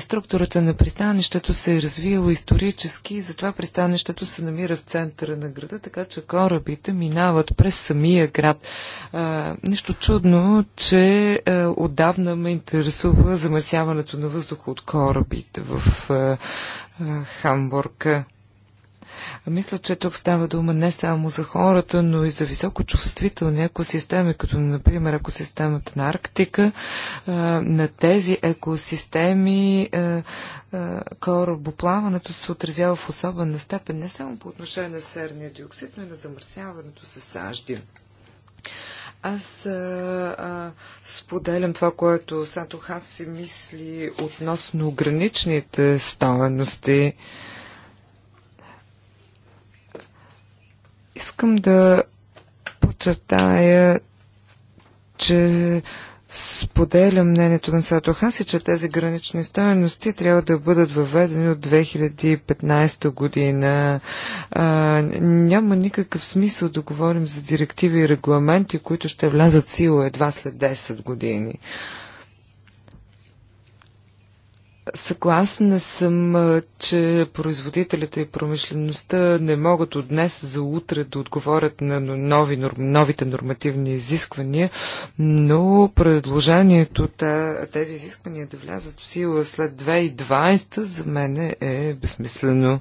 Структурата на пристанището се е развила исторически и затова пристанището се намира в центъра на града, така че корабите минават през самия град. Нещо чудно, че отдавна ме интересува замърсяването на въздуха от корабите в Хамбург. Мисля, че тук става дума не само за хората, но и за високо чувствителни екосистеми, като например екосистемата на Арктика. На тези екосистеми корабоплаването се отразява в особена степен не само по отношение на серния диоксид, но и на замърсяването с сажди. Аз а, а, споделям това, което Сато Хас си мисли относно граничните стоености. Искам да подчертая, че Споделям мнението на Сато Ханси, че тези гранични стоености трябва да бъдат въведени от 2015 година. А, няма никакъв смисъл да говорим за директиви и регламенти, които ще влязат сила едва след 10 години. Съгласна съм, че производителите и промишлеността не могат от днес за утре да отговорят на нови, новите нормативни изисквания, но предложението тези изисквания да влязат в сила след 2020 за мен е безсмислено.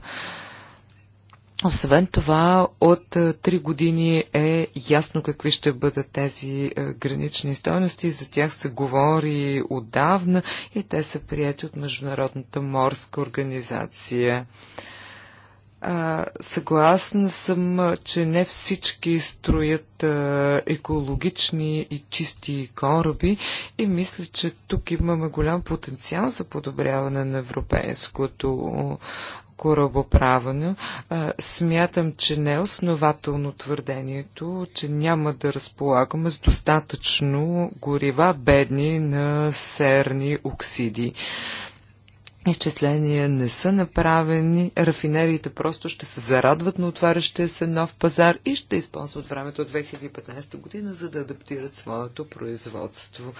Освен това, от 3 е, години е ясно какви ще бъдат тези е, гранични стойности. За тях се говори отдавна и те са прияти от Международната морска организация. съгласна съм, че не всички строят е, екологични и чисти кораби и мисля, че тук имаме голям потенциал за подобряване на европейското корабоправене, смятам, че не е основателно твърдението, че няма да разполагаме с достатъчно горива бедни на серни оксиди изчисления не са направени, рафинериите просто ще се зарадват на отварящия се нов пазар и ще използват времето от 2015 година, за да адаптират своето производство.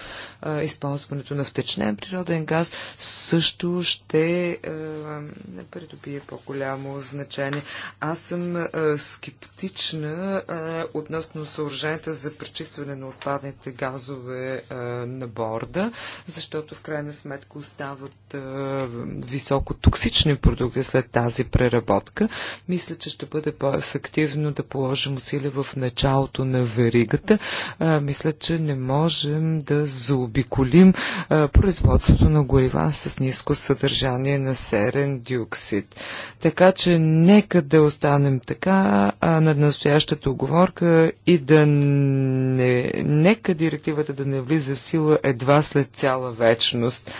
Използването на втечнен природен газ също ще не придобие по-голямо значение. Аз съм скептична относно съоръженията за пречистване на отпадните газове на борда, защото в крайна сметка остават високотоксични продукти след тази преработка. Мисля, че ще бъде по-ефективно да положим усилия в началото на веригата. А, мисля, че не можем да заобиколим а, производството на горива с ниско съдържание на серен диоксид. Така че нека да останем така а, на настоящата оговорка и да не, нека директивата да не влиза в сила едва след цяла вечност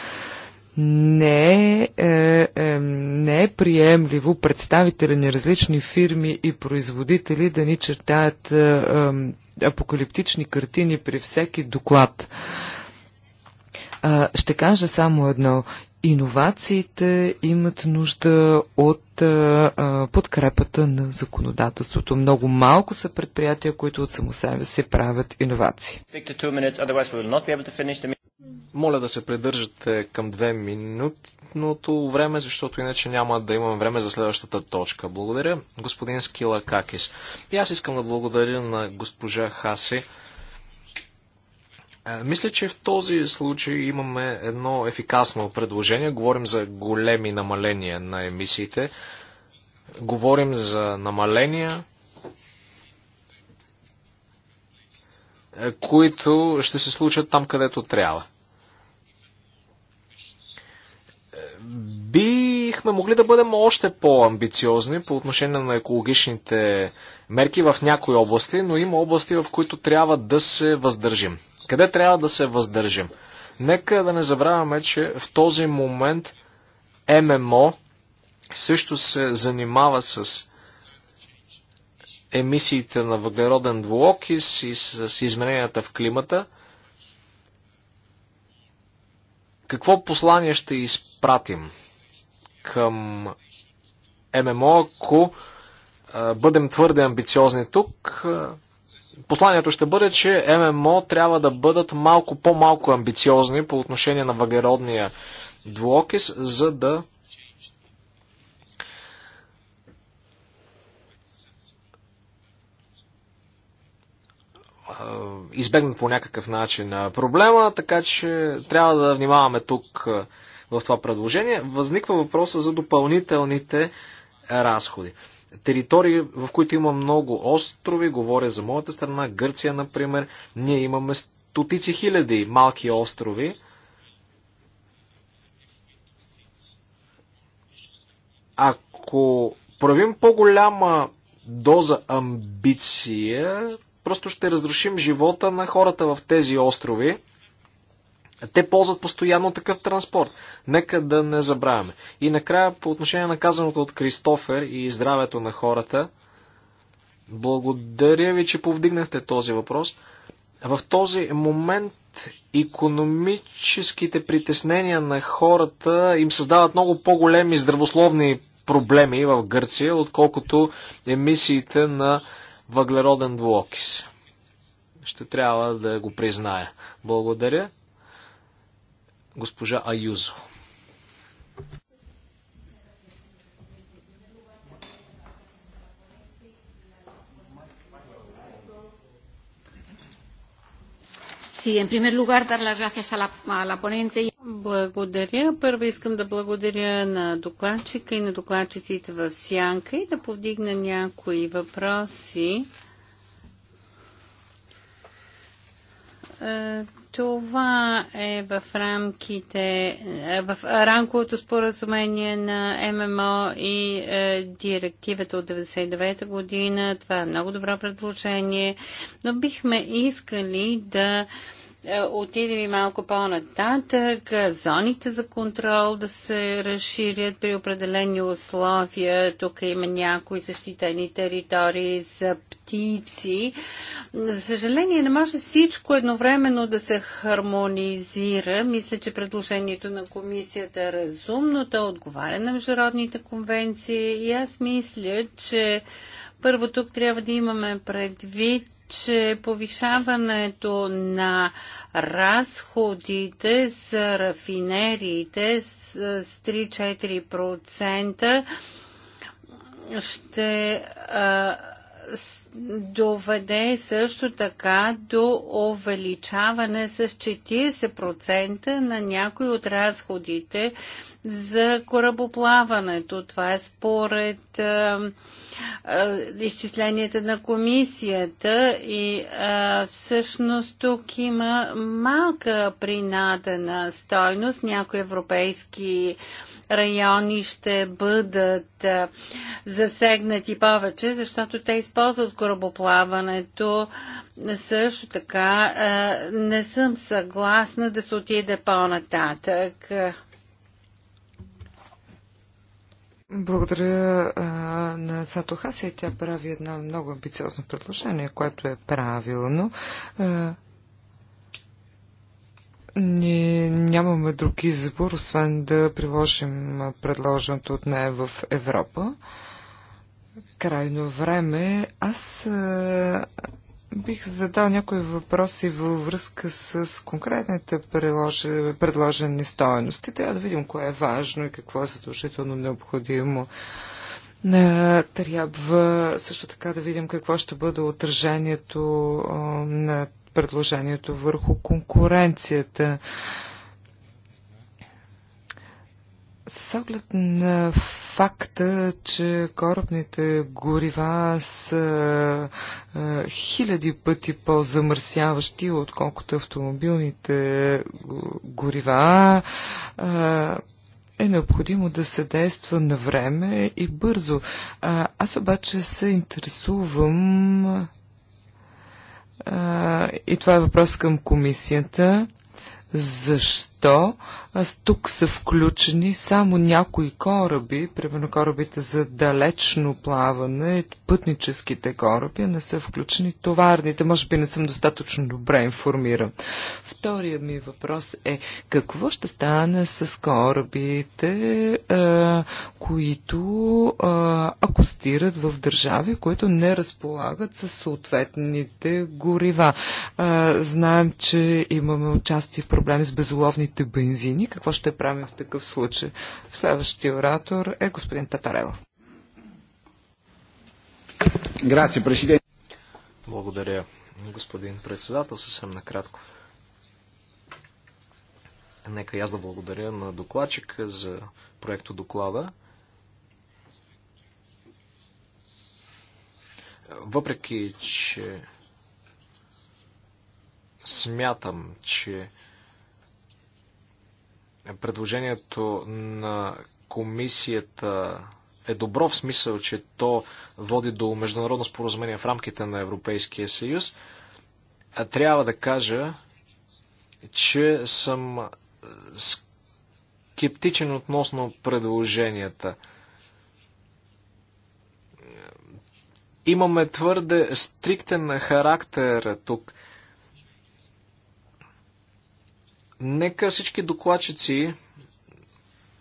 не е, е, е, не е приемливо представители на различни фирми и производители да ни чертаят е, е, апокалиптични картини при всеки доклад. Е, ще кажа само едно. Иновациите имат нужда от е, е, подкрепата на законодателството. Много малко са предприятия, които от само себе си правят иновации. Моля да се придържате към две минутното време, защото иначе няма да имам време за следващата точка. Благодаря, господин Скила Какис. И аз искам да благодаря на госпожа Хаси. Е, мисля, че в този случай имаме едно ефикасно предложение. Говорим за големи намаления на емисиите. Говорим за намаления, е, които ще се случат там, където трябва. Бихме могли да бъдем още по-амбициозни по отношение на екологичните мерки в някои области, но има области, в които трябва да се въздържим. Къде трябва да се въздържим? Нека да не забравяме, че в този момент ММО също се занимава с емисиите на въглероден двуокис и с, с измененията в климата. Какво послание ще изпратим към ММО, ако бъдем твърде амбициозни тук, посланието ще бъде, че ММО трябва да бъдат малко по-малко амбициозни по отношение на въглеродния двуокис, за да избегнат по някакъв начин проблема, така че трябва да внимаваме тук в това предложение, възниква въпроса за допълнителните разходи. Територии, в които има много острови, говоря за моята страна, Гърция, например, ние имаме стотици хиляди малки острови. Ако проявим по-голяма доза амбиция, просто ще разрушим живота на хората в тези острови. Те ползват постоянно такъв транспорт. Нека да не забравяме. И накрая, по отношение на казаното от Кристофер и здравето на хората, благодаря ви, че повдигнахте този въпрос. В този момент економическите притеснения на хората им създават много по-големи здравословни проблеми в Гърция, отколкото емисиите на въглероден двуокис. Ще трябва да го призная. Благодаря госпожа Аюзо. Благодаря. Първо искам да благодаря на докладчика и на докладчиците в Сянка и да повдигна някои въпроси е, това е в рамките, е, в рамковото споразумение на ММО и е, директивата от 1999 година. Това е много добро предложение, но бихме искали да е, е, отидем и малко по-нататък, зоните за контрол да се разширят при определени условия. Тук има някои защитени територии за птици. За съжаление, не може всичко едновременно да се хармонизира. Мисля, че предложението на комисията е разумно, то отговаря на международните конвенции и аз мисля, че първо тук трябва да имаме предвид че повишаването на разходите за рафинериите с 3-4% ще а, доведе също така до увеличаване с 40% на някои от разходите за корабоплаването. Това е според изчисленията на комисията и а, всъщност тук има малка принадена стойност. Някои европейски а, райони ще бъдат засегнати повече, защото те използват корабоплаването. Също така не съм съгласна да се отиде по-нататък. Благодаря а, на Сатохаса и Тя прави едно много амбициозно предложение, което е правилно. А, ние нямаме друг избор, освен да приложим предложеното от нея в Европа. Крайно време. Аз а, бих задал някои въпроси във връзка с конкретните предложени стоености. Трябва да видим кое е важно и какво е задължително необходимо. Трябва също така да видим какво ще бъде отражението на предложението върху конкуренцията. С оглед на факта, че корабните горива са хиляди пъти по-замърсяващи, отколкото автомобилните горива, е необходимо да се действа на време и бързо. аз обаче се интересувам и това е въпрос към комисията. Защо? защо тук са включени само някои кораби, примерно корабите за далечно плаване, пътническите кораби, не са включени товарните. Може би не съм достатъчно добре информиран. Втория ми въпрос е какво ще стане с корабите, които акустират в държави, които не разполагат с съответните горива. Знаем, че имаме отчасти проблеми с безоловните изкопаемите бензини. Какво ще правим в такъв случай? Следващия оратор е господин Татарел. Грация, президент. Благодаря, господин председател. Съвсем накратко. Нека и аз да благодаря на докладчика за проекто доклада. Въпреки, че смятам, че предложението на комисията е добро в смисъл, че то води до международно споразумение в рамките на Европейския съюз, трябва да кажа, че съм скептичен относно предложенията. Имаме твърде стриктен характер тук. Нека всички докладчици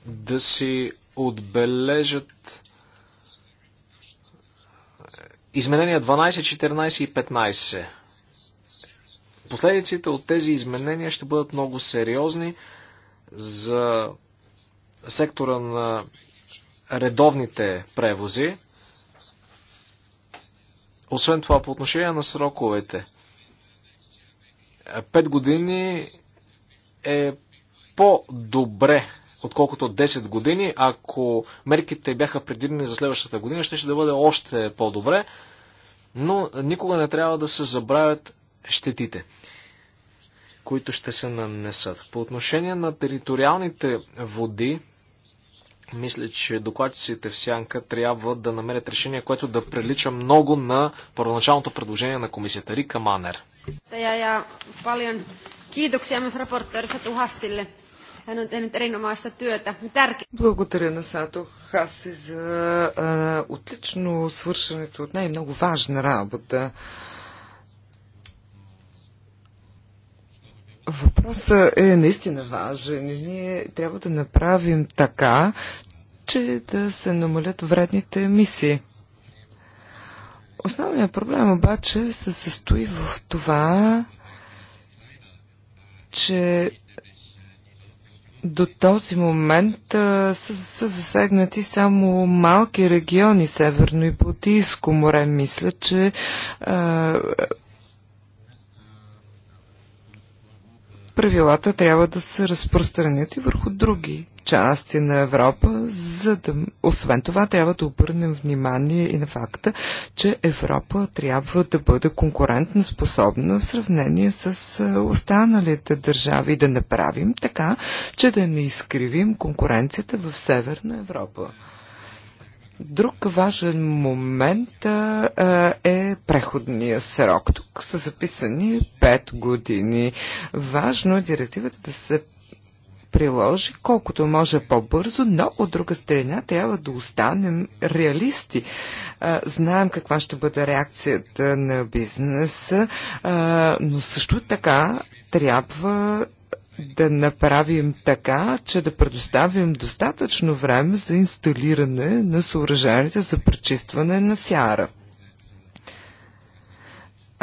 да си отбележат изменения 12, 14 и 15. Последиците от тези изменения ще бъдат много сериозни за сектора на редовните превози. Освен това, по отношение на сроковете, 5 години е по-добре отколкото 10 години. Ако мерките бяха предвидени за следващата година, ще ще да бъде още по-добре. Но никога не трябва да се забравят щетите, които ще се нанесат. По отношение на териториалните води, мисля, че докладчиците в Сянка трябва да намерят решение, което да прилича много на първоначалното предложение на комисията Рика Манер. Kiitoksia myös raportööri Satu Hassille. Hän on tehnyt erinomaista työtä. Благодаря на Сато Хаси за а, отлично свършенето от най-много важна работа. Въпросът е наистина важен. Ние трябва да направим така, че да се намалят вредните емисии. Основният проблем обаче се състои в това, че до този момент а, са, са засегнати само малки региони, Северно и Балтийско море. Мисля, че а, правилата трябва да се разпространят и върху други части на Европа, за да, освен това, трябва да обърнем внимание и на факта, че Европа трябва да бъде конкурентно способна в сравнение с останалите държави и да направим така, че да не изкривим конкуренцията в Северна Европа. Друг важен момент а, е преходния срок. Тук са записани 5 години. Важно е директивата да се приложи колкото може по-бързо, но от друга страна трябва да останем реалисти. А, знаем каква ще бъде реакцията на бизнеса, а, но също така трябва да направим така, че да предоставим достатъчно време за инсталиране на съоръженията за пречистване на сяра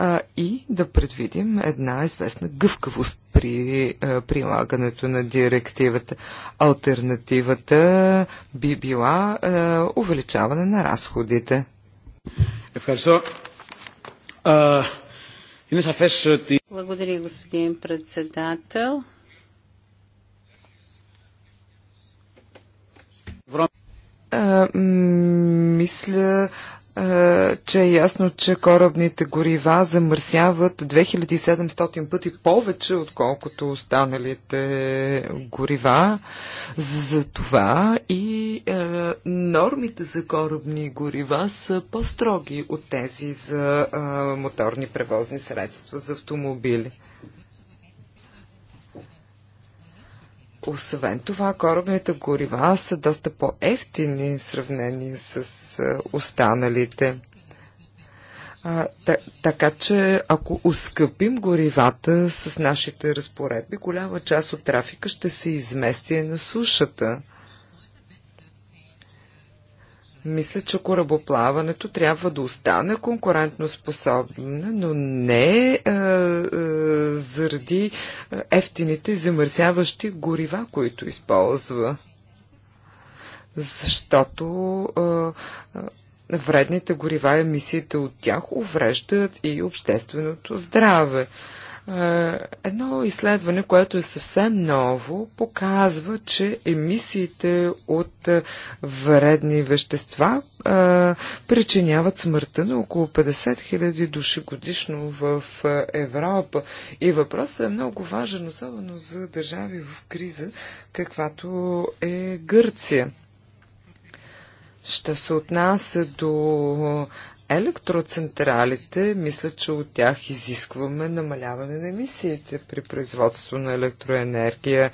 а, и да предвидим една известна гъвкавост при а, прилагането на директивата. Альтернативата би била а, увеличаване на разходите. Ευχαριστώ. Είναι σαφές ότι... Благодаря, господин председател. мисля, е, че е ясно, че корабните горива замърсяват 2700 пъти повече, отколкото останалите горива. За това и е, нормите за корабни горива са по-строги от тези за е, моторни превозни средства, за автомобили. Освен това, корабните горива са доста по-ефтини в сравнение с останалите. А, та, така че, ако ускъпим горивата с нашите разпоредби, голяма част от трафика ще се измести на сушата. Мисля, че корабоплаването трябва да остане конкурентно способно, но не а, е, а, е, заради е, ефтините замърсяващи горива, които използва. Защото а, а, вредните горива, емисиите от тях увреждат и общественото здраве. А, е, едно изследване, което е съвсем ново, показва, че емисиите от е, вредни вещества е, причиняват смъртта на около 50 000 души годишно в Европа. И въпросът е много важен, особено за държави в криза, каквато е Гърция. Ще се отнася до електроцентралите, мисля, че от тях изискваме намаляване на емисиите при производство на електроенергия.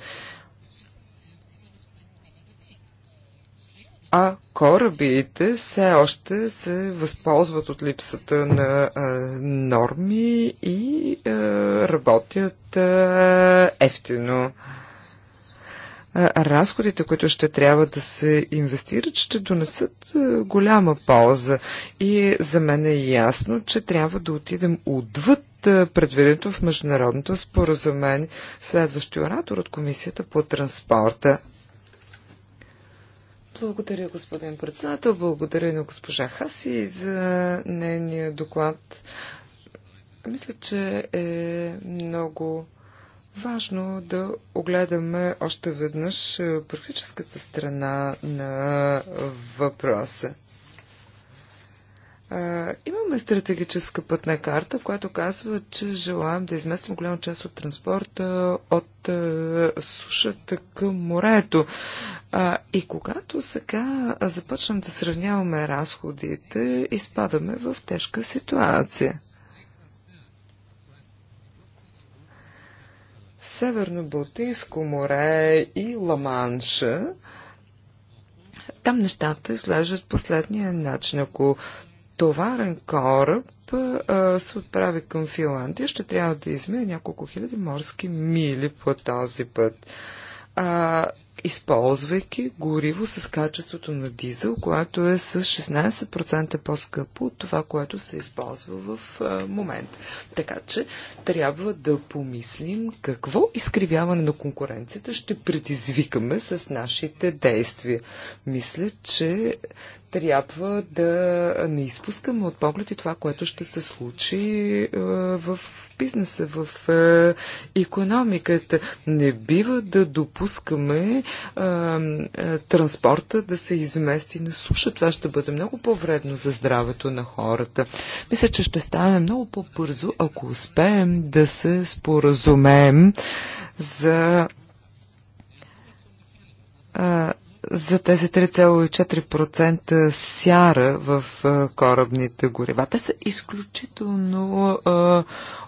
А корабите все още се възползват от липсата на а, норми и а, работят а, ефтино разходите, които ще трябва да се инвестират, ще донесат голяма полза. И за мен е ясно, че трябва да отидем отвъд предвиденото в международното споразумение. Следващия оратор от Комисията по транспорта. Благодаря, господин председател. Благодаря на госпожа Хаси за нейния доклад. Мисля, че е много Важно да огледаме още веднъж е, практическата страна на въпроса. Имаме стратегическа пътна карта, която казва, че желаем да изместим голяма част от транспорта от е, сушата към морето. И когато сега започнем да сравняваме разходите, изпадаме в тежка ситуация. Северно-Балтийско море и Ламанша, там нещата изглеждат последния начин. Ако товарен кораб а, се отправи към Финландия, ще трябва да измине няколко хиляди морски мили по този път. А, използвайки гориво с качеството на дизел, което е с 16% по-скъпо от това, което се използва в момента. Така че трябва да помислим какво изкривяване на конкуренцията ще предизвикаме с нашите действия. Мисля, че трябва да не изпускаме от поглед и това, което ще се случи е, в бизнеса, в економиката. Не бива да допускаме е, е, транспорта да се измести на суша. Това ще бъде много по-вредно за здравето на хората. Мисля, че ще стане много по-бързо, ако успеем да се споразумеем за за тези 3,4% сяра в корабните горива. Те са изключително а,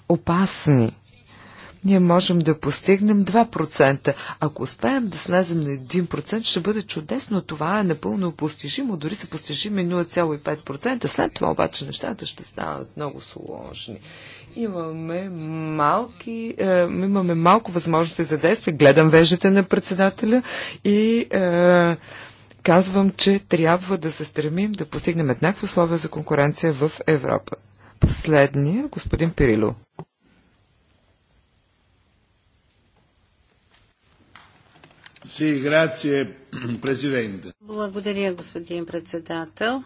опасни. Ние можем да постигнем 2%. Ако успеем да слезем на 1%, ще бъде чудесно. Това е напълно постижимо. Дори са постижими 0,5%. След това обаче нещата ще станат много сложни. Имаме, малки, е, имаме малко възможности за действие. Гледам веждите на председателя и е, казвам, че трябва да се стремим да постигнем еднакви условия за конкуренция в Европа. Последния, господин Пирило. Благодаря, господин председател.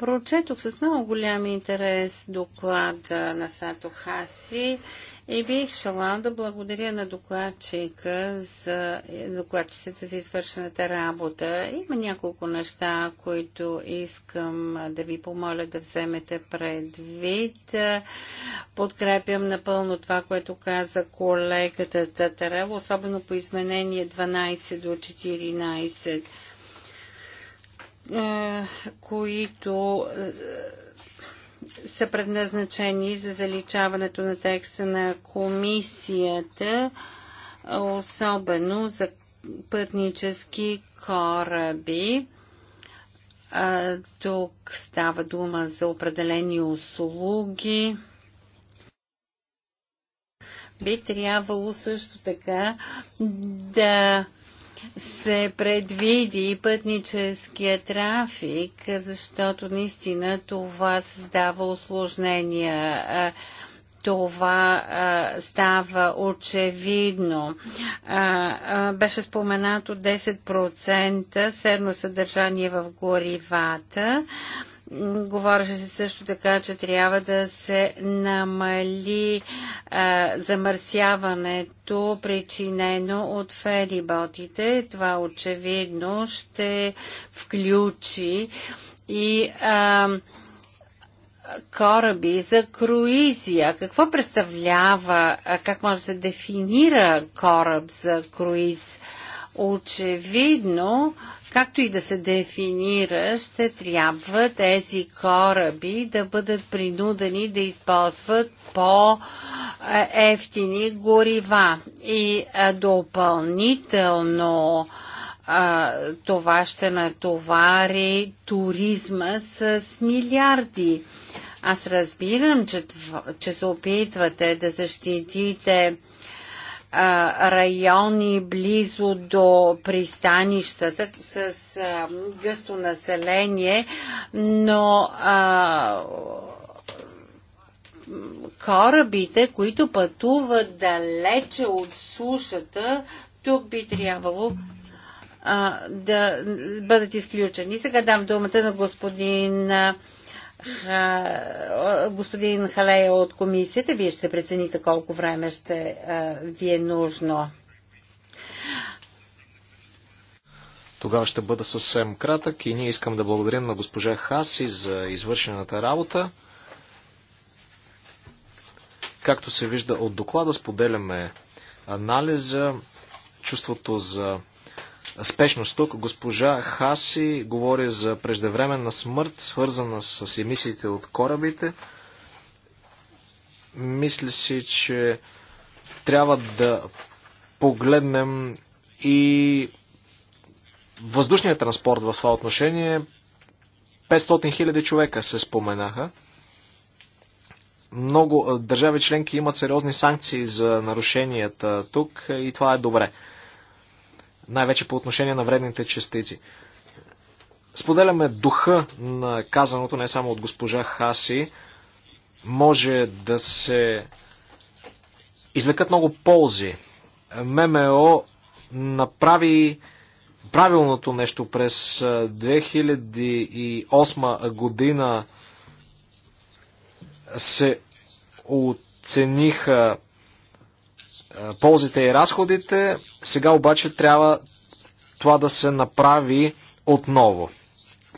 Прочетох с много голям интерес доклада на Сато Хаси и бих желала да благодаря на докладчика за докладчицата за извършената работа. Има няколко неща, които искам да ви помоля да вземете предвид. Подкрепям напълно това, което каза колегата Татарел, особено по изменение 12 до 14. Е, които е, са предназначени за заличаването на текста на комисията, особено за пътнически кораби. Тук става дума за определени услуги. Би трябвало също така да се предвиди пътническия трафик, защото наистина това създава осложнения. Това а, става очевидно. А, а, беше споменато 10% серно съдържание в горивата. А, Говореше се също така, че трябва да се намали а, замърсяването, причинено от фериботите. Това очевидно ще включи и а, кораби за круизия. Какво представлява, как може да се дефинира кораб за круиз? Очевидно, Както и да се дефинира, ще трябва тези кораби да бъдат принудени да използват по-ефтини горива. И допълнително това ще натовари туризма с милиарди. Аз разбирам, че, че се опитвате да защитите райони близо до пристанищата с а, гъсто население, но а, корабите, които пътуват далече от сушата, тук би трябвало а, да бъдат изключени. Сега дам думата на господин а, господин Халея е от комисията. Вие ще прецените колко време ще ви е нужно. Тогава ще бъда съвсем кратък и ние искам да благодарим на госпожа Хаси за извършената работа. Както се вижда от доклада, споделяме анализа, чувството за спешност тук. Госпожа Хаси говори за преждевременна смърт, свързана с емисиите от корабите. Мисля си, че трябва да погледнем и въздушният транспорт в това отношение. 500 хиляди човека се споменаха. Много държави членки имат сериозни санкции за нарушенията тук и това е добре най-вече по отношение на вредните частици. Споделяме духа на казаното не само от госпожа Хаси. Може да се извлекат много ползи. ММО направи правилното нещо през 2008 година се оцениха е, ползите и разходите. Сега обаче трябва това да се направи отново.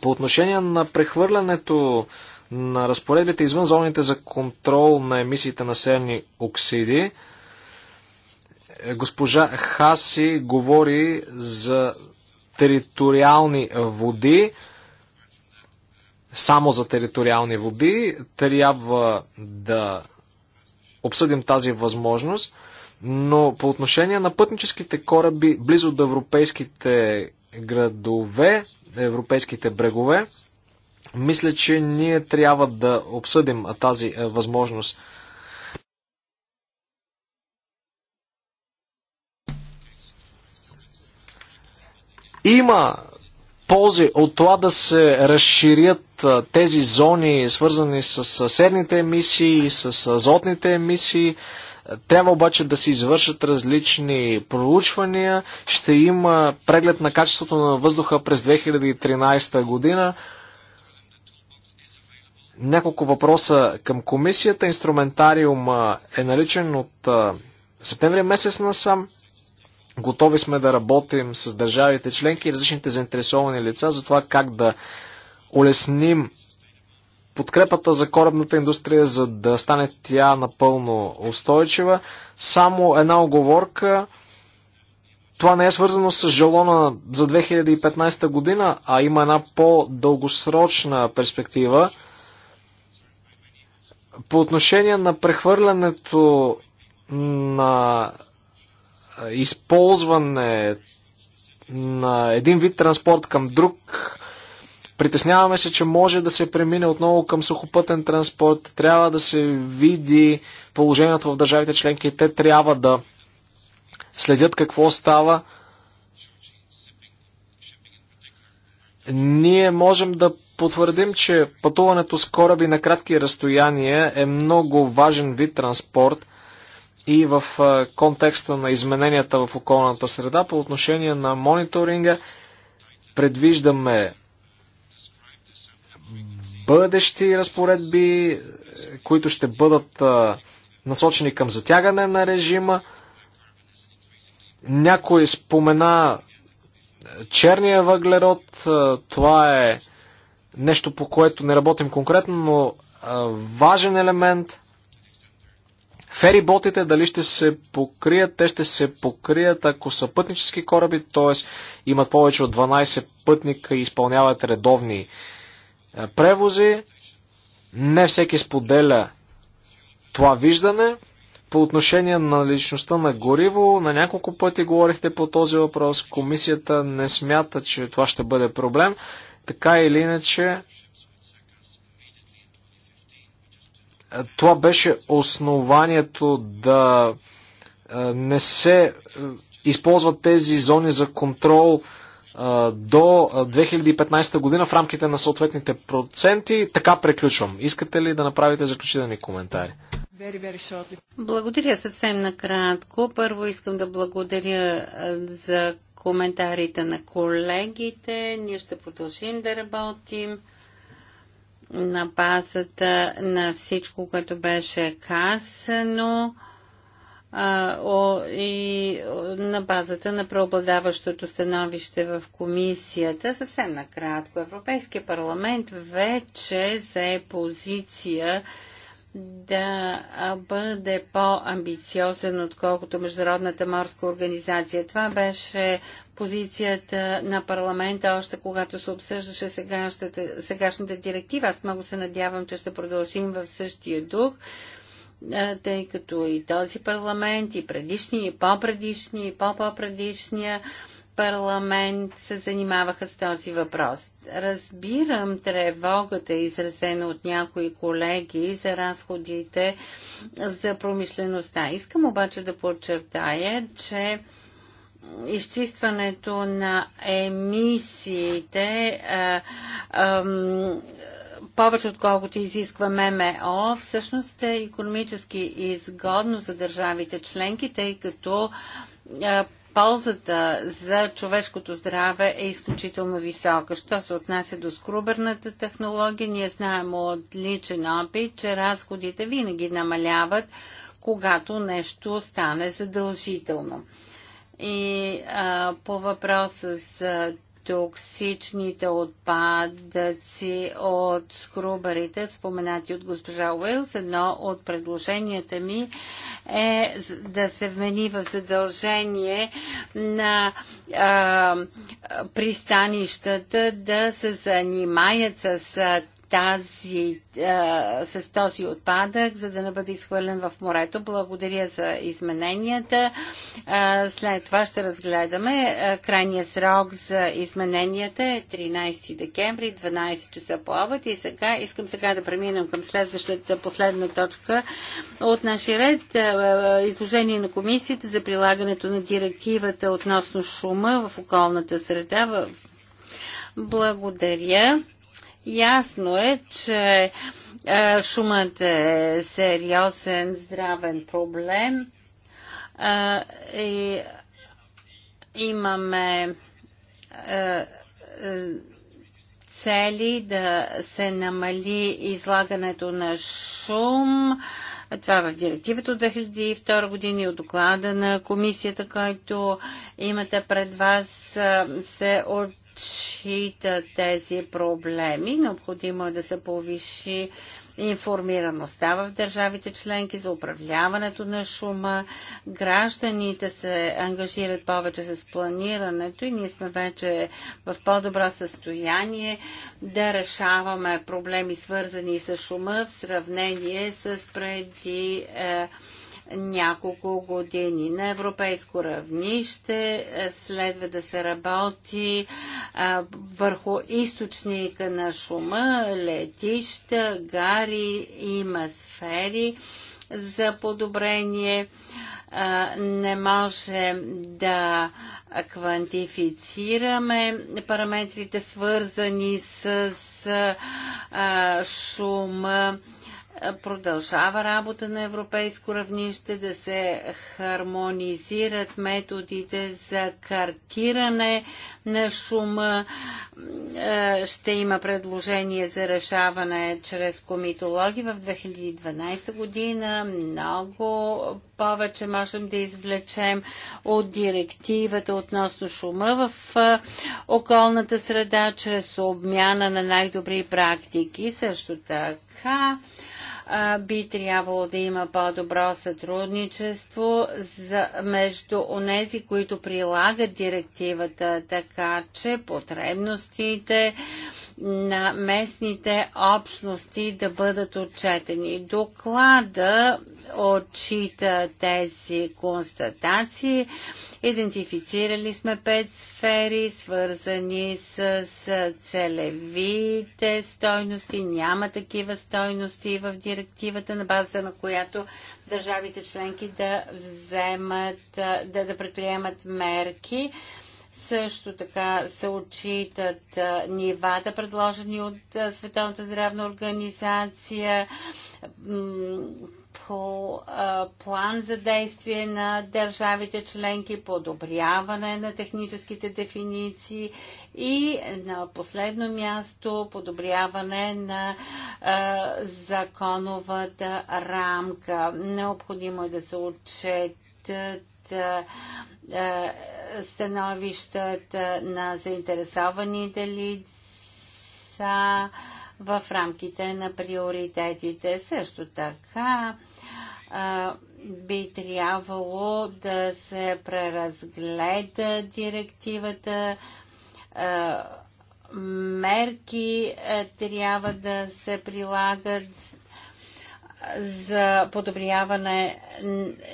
По отношение на прехвърлянето на разпоредбите извън зоните за контрол на емисиите на серни оксиди, е, госпожа Хаси говори за териториални води, само за териториални води, трябва да обсъдим тази възможност. Но по отношение на пътническите кораби близо до европейските градове, европейските брегове, мисля, че ние трябва да обсъдим тази възможност. Има ползи от това да се разширят тези зони, свързани с съседните емисии, с азотните емисии. Трябва обаче да се извършат различни проучвания. Ще има преглед на качеството на въздуха през 2013 година. Няколко въпроса към комисията. Инструментариум е наличен от септември месец насам. Готови сме да работим с държавите членки и различните заинтересовани лица за това как да улесним подкрепата за корабната индустрия, за да стане тя напълно устойчива. Само една оговорка. Това не е свързано с жалона за 2015 година, а има една по-дългосрочна перспектива. По отношение на прехвърлянето на използване на един вид транспорт към друг, Притесняваме се, че може да се премине отново към сухопътен транспорт. Трябва да се види положението в държавите членки. Те трябва да следят какво става. Ние можем да потвърдим, че пътуването с кораби на кратки разстояния е много важен вид транспорт и в контекста на измененията в околната среда по отношение на мониторинга предвиждаме бъдещи разпоредби, които ще бъдат насочени към затягане на режима. Някой спомена черния въглерод. Това е нещо, по което не работим конкретно, но важен елемент. Фериботите дали ще се покрият? Те ще се покрият, ако са пътнически кораби, т.е. имат повече от 12 пътника и изпълняват редовни е, превози. Не всеки споделя това виждане. По отношение на личността на гориво, на няколко пъти говорихте по този въпрос. Комисията не смята, че това ще бъде проблем. Така или иначе, е, това беше основанието да е, не се използват тези зони за контрол до 2015 година в рамките на съответните проценти. Така приключвам. Искате ли да направите заключителни коментари? Благодаря съвсем накратко. Първо искам да благодаря за коментарите на колегите. Ние ще продължим да работим на базата на всичко, което беше казано а, о, и на базата на преобладаващото становище в комисията. Съвсем накратко, Европейския парламент вече зае позиция да бъде по-амбициозен, отколкото Международната морска организация. Това беше позицията на парламента, още когато се обсъждаше сегашната директива. Аз много се надявам, че ще продължим в същия дух тъй като и този парламент, и предишни, и по-предишни, и по-по-предишния парламент се занимаваха с този въпрос. Разбирам тревогата, изразена от някои колеги за разходите за промишлеността. Искам обаче да подчертая, че изчистването на емисиите а, а, повече отколкото изисква ММО, всъщност е економически изгодно за държавите членки, тъй като е, ползата за човешкото здраве е изключително висока. Що се отнася до скрубърната технология, ние знаем от личен опит, че разходите винаги намаляват, когато нещо стане задължително. И а, по въпроса за токсичните отпадъци от скрубарите, споменати от госпожа Уилс. Едно от предложенията ми е да се вмени в задължение на а, пристанищата да се занимаят с тази, а, с този отпадък, за да не бъде изхвърлен в морето. Благодаря за измененията. А, след това ще разгледаме. А, крайния срок за измененията е 13 декември, 12 часа по обед. И сега искам сега да преминем към следващата последна точка от нашия ред. А, изложение на комисията за прилагането на директивата относно шума в околната среда. В... Благодаря. Ясно е, че е, шумът е сериозен здравен проблем е, и имаме е, цели да се намали излагането на шум. Това в директивата от 2002 година и от доклада на комисията, който имате пред вас, се от отчита тези проблеми. Необходимо е да се повиши информираността в държавите членки за управляването на шума. Гражданите се ангажират повече с планирането и ние сме вече в по-добро състояние да решаваме проблеми свързани с шума в сравнение с преди е, няколко години. На европейско равнище е, следва да се работи е, върху източника на шума, летища, гари, има сфери за подобрение. Е, не може да квантифицираме параметрите, свързани с шума продължава работа на европейско равнище, да се хармонизират методите за картиране на шума. Е, ще има предложение за решаване чрез комитологи в 2012 година. Много повече можем да извлечем от директивата относно шума в е, околната среда чрез обмяна на най-добри практики. Също така, би трябвало да има по-добро сътрудничество за, между онези, които прилагат директивата, така че потребностите на местните общности да бъдат отчетени. Доклада отчита тези констатации. Идентифицирали сме пет сфери, свързани с целевите стойности. Няма такива стойности в директивата, на база на която държавите членки да вземат, да, да предприемат мерки. Също така се отчитат нивата, предложени от Световната здравна организация, върху план за действие на държавите членки, подобряване на техническите дефиниции и на последно място подобряване на законовата рамка. Необходимо е да се отчетат становищата на заинтересованите лица в рамките на приоритетите. Също така би трябвало да се преразгледа директивата. мерки трябва да се прилагат за подобряване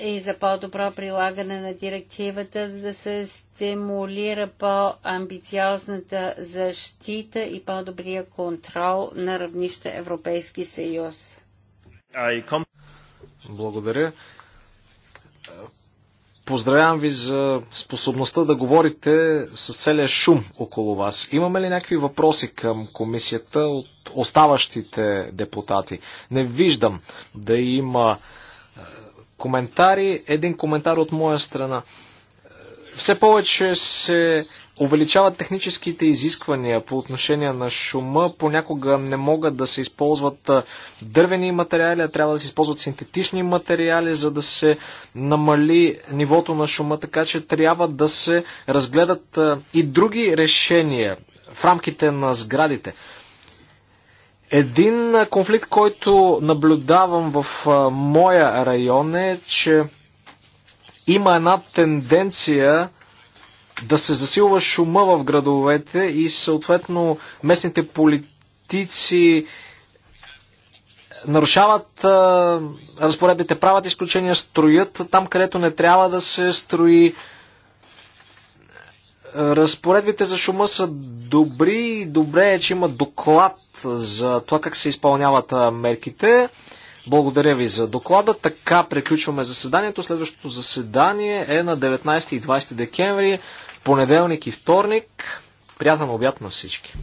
и за по-добро прилагане на директивата, за да се стимулира по-амбициозната защита и по-добрия контрол на равнище Европейски съюз. Благодаря. Поздравявам ви за способността да говорите с целия шум около вас. Имаме ли някакви въпроси към комисията от оставащите депутати? Не виждам да има е, коментари. Един коментар от моя страна. Все повече се увеличават техническите изисквания по отношение на шума. Понякога не могат да се използват дървени материали, а трябва да се използват синтетични материали, за да се намали нивото на шума, така че трябва да се разгледат и други решения в рамките на сградите. Един конфликт, който наблюдавам в моя район е, че има една тенденция да се засилва шума в градовете и съответно местните политици нарушават а, разпоредбите, правят изключения, строят там, където не трябва да се строи. Разпоредбите за шума са добри и добре е, че има доклад за това как се изпълняват мерките. Благодаря ви за доклада. Така приключваме заседанието. Следващото заседание е на 19 и 20 декември понеделник и вторник. Приятен обяд на всички!